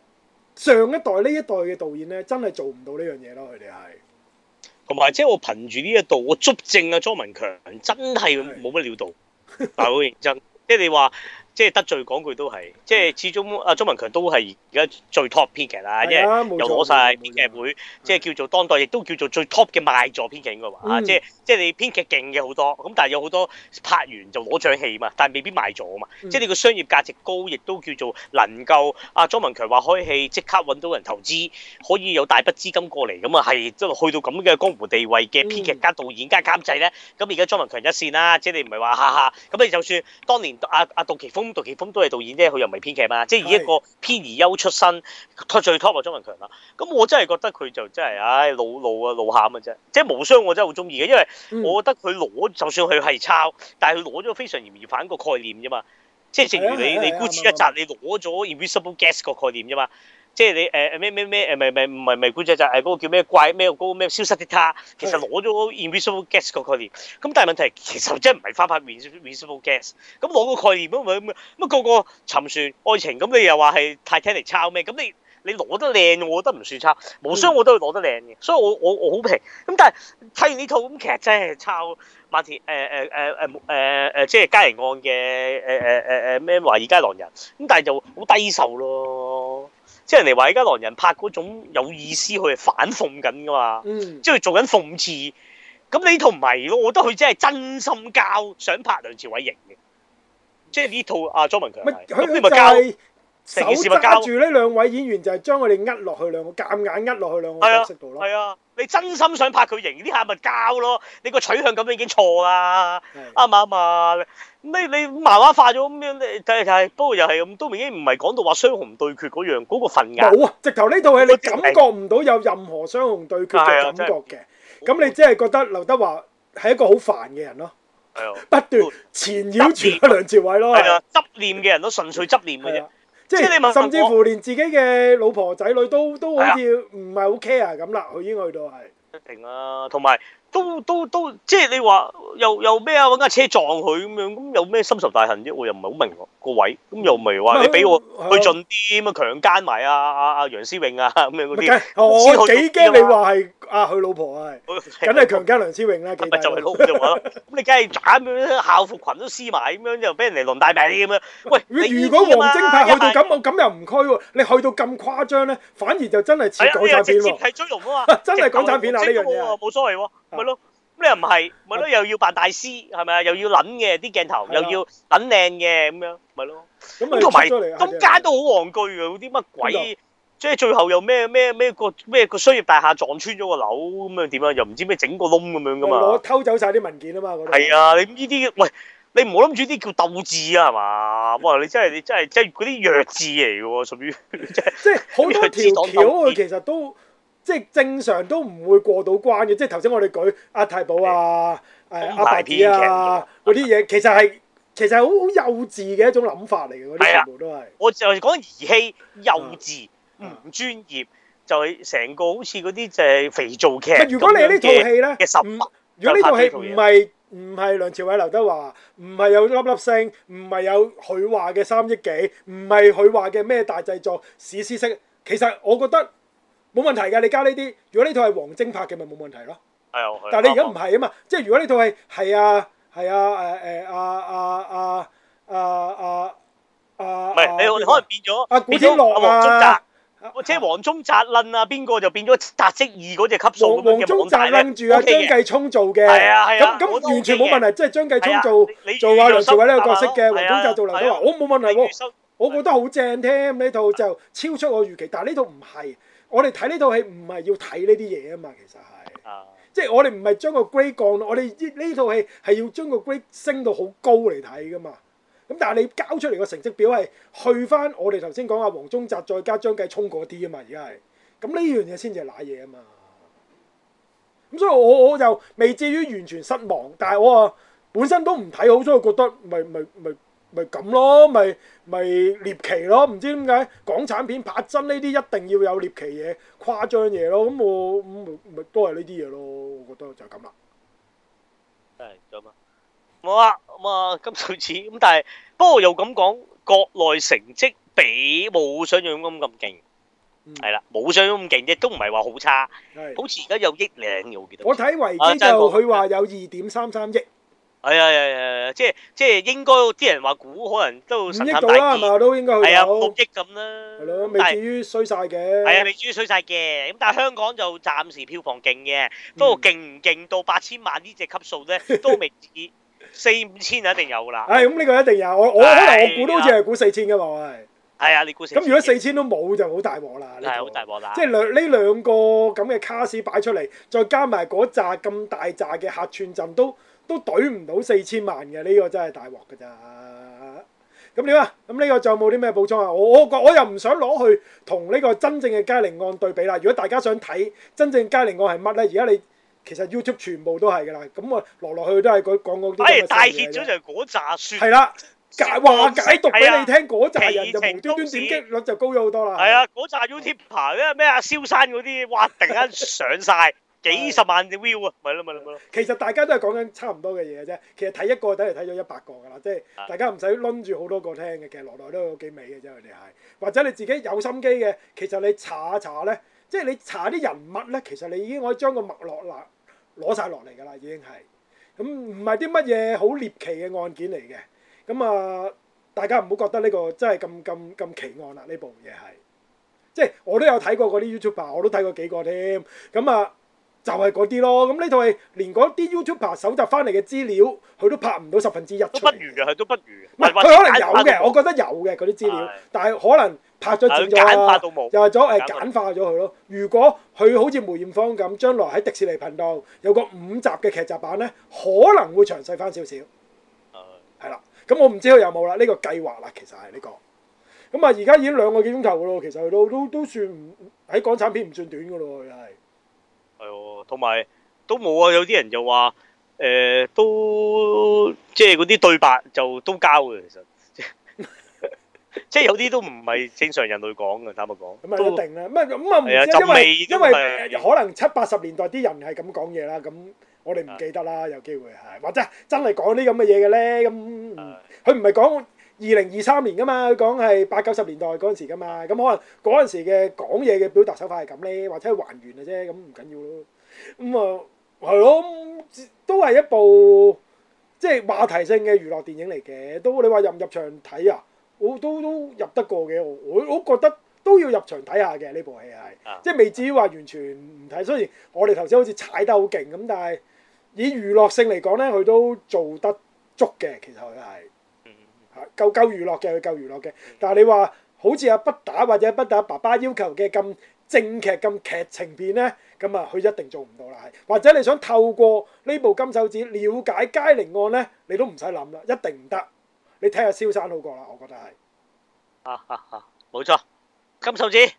上一代呢一代嘅導演咧，真係做唔到呢樣嘢咯。佢哋係同埋即係我憑住呢一度，我足證啊，莊文強真係冇乜料到，的但好認真，即係 <laughs> 你話。即係得罪講句都係，即係始終阿莊文強都係而家最 top 編劇啦，因為又攞晒編劇會，即係叫做當代亦都叫做最 top 嘅賣座編劇應該話啊，即係即係你編劇勁嘅好多，咁但係有好多拍完就攞獎戲嘛，但係未必賣座啊嘛，即係你個商業價值高，亦都叫做能夠阿莊文強話開戲即刻揾到人投資，可以有大筆資金過嚟咁啊，係即係去到咁嘅江湖地位嘅編劇家、導演家、監製咧，咁而家莊文強一線啦，即係你唔係話下下，咁你就算當年阿阿杜琪峰。杜琪峰都係導演啫，佢又唔係編劇嘛，即係以一個編而優出身，最 top 落張文強啦。咁我真係覺得佢就真係唉、哎、老老啊老下啊啫，即係無雙我真係好中意嘅，因為我覺得佢攞就算佢係抄，但係佢攞咗非常嫌疑犯個概念啫嘛，即係正如你你古天一集你攞咗 Invisible Guest 個概念啫嘛。即係你誒誒咩咩咩誒咪咪唔係咪古仔就係嗰個叫咩怪咩嗰個咩消失的他，其實攞咗 Invisible Guest 個概念。咁但係問題係其實真係唔係翻拍 Invisible Guest 咁攞個概念咁咪咁啊個個沉船愛情咁你又話係 Titanic 抄咩？咁你你攞得靚，我覺得唔算抄。無雙我都會攞得靚嘅，所以我我我好平。咁但係睇完呢套咁，其實真係抄馬田，誒誒誒誒誒誒，即係佳寧案嘅誒誒誒誒咩華爾街狼人。咁但係就好低售咯。即係人哋話依家狼人拍嗰種有意思，佢係反諷緊噶嘛，即係、嗯、做緊諷刺。咁你呢套唔係咯？我覺得佢真係真心教想拍梁朝偉型嘅，即係呢套阿莊、啊、文強，佢就手架住呢兩位演員，就係將佢哋呃落去兩個夾硬呃落去兩個角色度咯。係啊。你真心想拍佢型呢下咪交咯，你個取向咁樣已經錯啦，啱嘛，啱嘛？你你漫畫化咗咁樣，但係但不過又係咁都已經唔係講到話雙雄對決嗰樣、嗰、嗰個氛圍。冇啊，直頭呢套戲你感覺唔到有任何雙雄對決嘅感覺嘅。咁你真係覺得劉德華係一個好煩嘅人咯，不斷纏繞住阿梁朝偉咯，執念嘅人都純粹執念嘅。哋。 <laughs> 是的即係甚至乎連自己嘅老婆仔女都都好似唔係好 care 咁啦，佢已經去到係。一定啦，同埋。都都都即係你話又又咩啊？搵架車撞佢咁樣，咁有咩深仇大恨啫？我又唔係好明個位，咁又唔係話你俾我去盡啲咁啊，強姦埋阿阿阿楊思穎啊咁樣嗰啲。我我幾驚你話係阿佢老婆啊？梗係強姦梁思穎啦，啊，咁咪就係老婆就話咯。咁 <laughs> 你梗係斬咩校服裙都撕埋，咁樣又俾人嚟輪大髀咁樣。喂， <laughs> 如果王晶拍去到咁，咁又唔拘喎。你去到咁誇張咧，反而就真係似港產片咯。係啊，哎、直接係追龍啊嘛，真係港產片啊呢樣嘢。冇所謂咪、啊、咯，咁你又唔係，咪、就、咯、是、又要扮大師，係咪啊？又要撚嘅啲鏡頭，的又要撚靚嘅咁樣，咪、就、咯、是。咁同埋中間都好黃據嘅，嗰啲乜鬼？即係有最後又咩咩咩個咩個商業大廈撞穿咗個樓咁樣點啊？又唔知咩整個窿咁樣噶嘛？我偷走晒啲文件啊嘛！係、那個、啊，你呢啲喂，你唔好諗住啲叫鬥智啊嘛？哇！你真係你真係真係嗰啲弱智嚟嘅喎，屬 <laughs> 於即係好多條橋其實都。 <laughs> 即係正常都唔會過到關嘅，即係頭先我哋舉阿、啊、太保啊、阿大 P 啊嗰啲嘢，其實係其實係好好幼稚嘅一種諗法嚟嘅嗰啲全部都係。我就係講兒戲、幼稚、唔、啊、專業，就係、是、成個好似嗰啲就係肥皂劇如。如果你呢套戲咧，唔如果呢套戲唔係唔係梁朝偉、劉德華，唔係有粒粒星，唔係有佢話嘅三億幾，唔係佢話嘅咩大製作、史詩式，其實我覺得。冇問題嘅，你加呢啲。如果呢套係王晶拍嘅，咪冇問題咯。但係你而家唔係啊嘛。即係如果呢套戲係啊係啊，誒誒啊，啊，啊，啊，啊，唔係，你可能變咗啊古天樂啊黃宗澤，即係黃宗澤愣啊邊個就變咗達叔二嗰隻級數咁嘅網劇嘅嘢。黃宗澤愣住啊張繼聰做嘅。係啊係啊，咁咁完全冇問題，即係張繼聰做做阿梁朝偉呢個角色嘅，黃宗澤做劉德華，我冇問題，我覺得好正添，呢套就超出我預期，但係呢套唔係。我哋睇呢套戲唔係要睇呢啲嘢啊嘛，其實係，啊、即係我哋唔係將個 grade 降，我哋呢套戲係要將個 grade 升到好高嚟睇噶嘛。咁但係你交出嚟個成績表係去翻我哋頭先講阿黃宗澤再加張繼聰嗰啲啊嘛，而家係，咁呢樣嘢先至係瀨嘢啊嘛。咁所以我我就未至於完全失望，但係我啊本身都唔睇好，所以我覺得咪咪咪。咪咁咯，咪咪獵奇咯，唔知點解港產片拍真呢啲一定要有獵奇嘢、誇張嘢咯。咁我唔咪都係呢啲嘢咯，我覺得就係咁啦。係咁啊，冇啊嘛金手指咁，但係不過又咁講，國內成績比冇想像中咁咁勁，係啦，冇想像咁勁啫，都唔係話好差，好似而家有億兩，我記得。我睇維基就佢話有二點三三億。係啊，即係即係應該啲人話估可能都十億到啦嘛，都應該去到六億咁啦。係咯，未至於衰晒嘅。係未至於衰晒嘅，咁但係香港就暫時票房勁嘅，不過勁唔勁到八千萬呢隻級數咧，都未至止四五千就一定有啦。係咁，呢個一定有。我我可能我估都好似係估四千噶嘛，我係。係啊，你估咁如果四千都冇就好大鑊啦。係好大鑊啦。即係兩呢兩個咁嘅卡 a s 擺出嚟，再加埋嗰扎咁大扎嘅客串陣都。都懟唔到四千萬嘅，呢個真係大鑊㗎咋。咁點啊？咁呢個仲有冇啲咩補充啊？我我，我又唔想攞去同呢個真正嘅佳寧案對比啦。如果大家想睇真正佳寧案係乜呢？而家你其實 YouTube 全部都係㗎啦。咁我落落去都係講講嗰啲。係大揭咗就嗰扎書。係啦，解話解讀俾你聽嗰扎的人就無端端的市點擊率就高咗好多啦。係啊的，嗰扎 YouTuber 咩啊？蕭山嗰啲哇，突然間上晒。 <laughs> 幾十萬嘅 view 啊，咪咯，咪咯其實大家都係講緊差唔多嘅嘢啫。其實睇一個等嚟睇咗一百個㗎啦，即係大家唔使攆住好多個聽嘅，其實落來都有幾美嘅啫。佢哋係或者你自己有心機嘅，其實你查一查咧，即係你查啲人物咧，其實你已經可以將個脈落攞攞晒落嚟㗎啦，已經係咁唔係啲乜嘢好獵奇嘅案件嚟嘅。咁啊，大家唔好覺得呢個真係咁咁咁奇案啦，呢部嘢係即係我都有睇過嗰啲 YouTube，r 我都睇過幾個添。咁啊～就係嗰啲咯，咁呢套係連嗰啲 YouTuber 搜集翻嚟嘅資料，佢都拍唔到十分之一出嚟。都不如，佢都不如。唔係佢可能有嘅，簡化我覺得有嘅嗰啲資料，但係可能拍咗剪咗啊，又係咗誒簡化咗佢咯。如果佢好似梅艷芳咁，將來喺迪士尼頻道有個五集嘅劇集版咧，可能會詳細翻少少。係啦喂，咁我唔知佢有冇啦，呢個計劃啦，其實係呢個。咁啊，而家已經兩個幾鐘頭噶咯，其實佢都都都算唔喺港產片唔算短噶咯，又係。係哦，同埋都冇啊！有啲人就話，誒，都即係嗰啲對白就都交嘅，其實即係有啲都唔係正常人類講嘅，坦白講。咁啊，一定啦，咁啊，咁啊，唔知因為因為可能七八十年代啲人係咁講嘢啦，咁我哋唔記得啦，有機會係或者真係講啲咁嘅嘢嘅咧，咁佢唔係講二零二三年噶嘛，佢講係八九十年代嗰陣時噶嘛，咁可能嗰陣時嘅講嘢嘅表達手法係咁咧，或者係還原嘅啫，咁唔緊要咯。咁、嗯、啊，係咯，都係一部即係話題性嘅娛樂電影嚟嘅。都你話入唔入場睇啊？我都都入得過嘅，我我覺得都要入場睇下嘅呢部戲係。啊、即係未至於話完全唔睇。雖然我哋頭先好似踩得好勁咁，但係以娛樂性嚟講咧，佢都做得足嘅。其實佢係。夠夠娛樂嘅，佢夠娛樂嘅，但係你話好似阿不打或者不打爸爸要求嘅咁正劇咁劇情片呢，咁啊佢一定做唔到啦，係或者你想透過呢部金手指了解佳寧案呢，你都唔使諗啦，一定唔得，你睇下蕭生好過啦，我覺得係，啊，啊冇錯，金手指。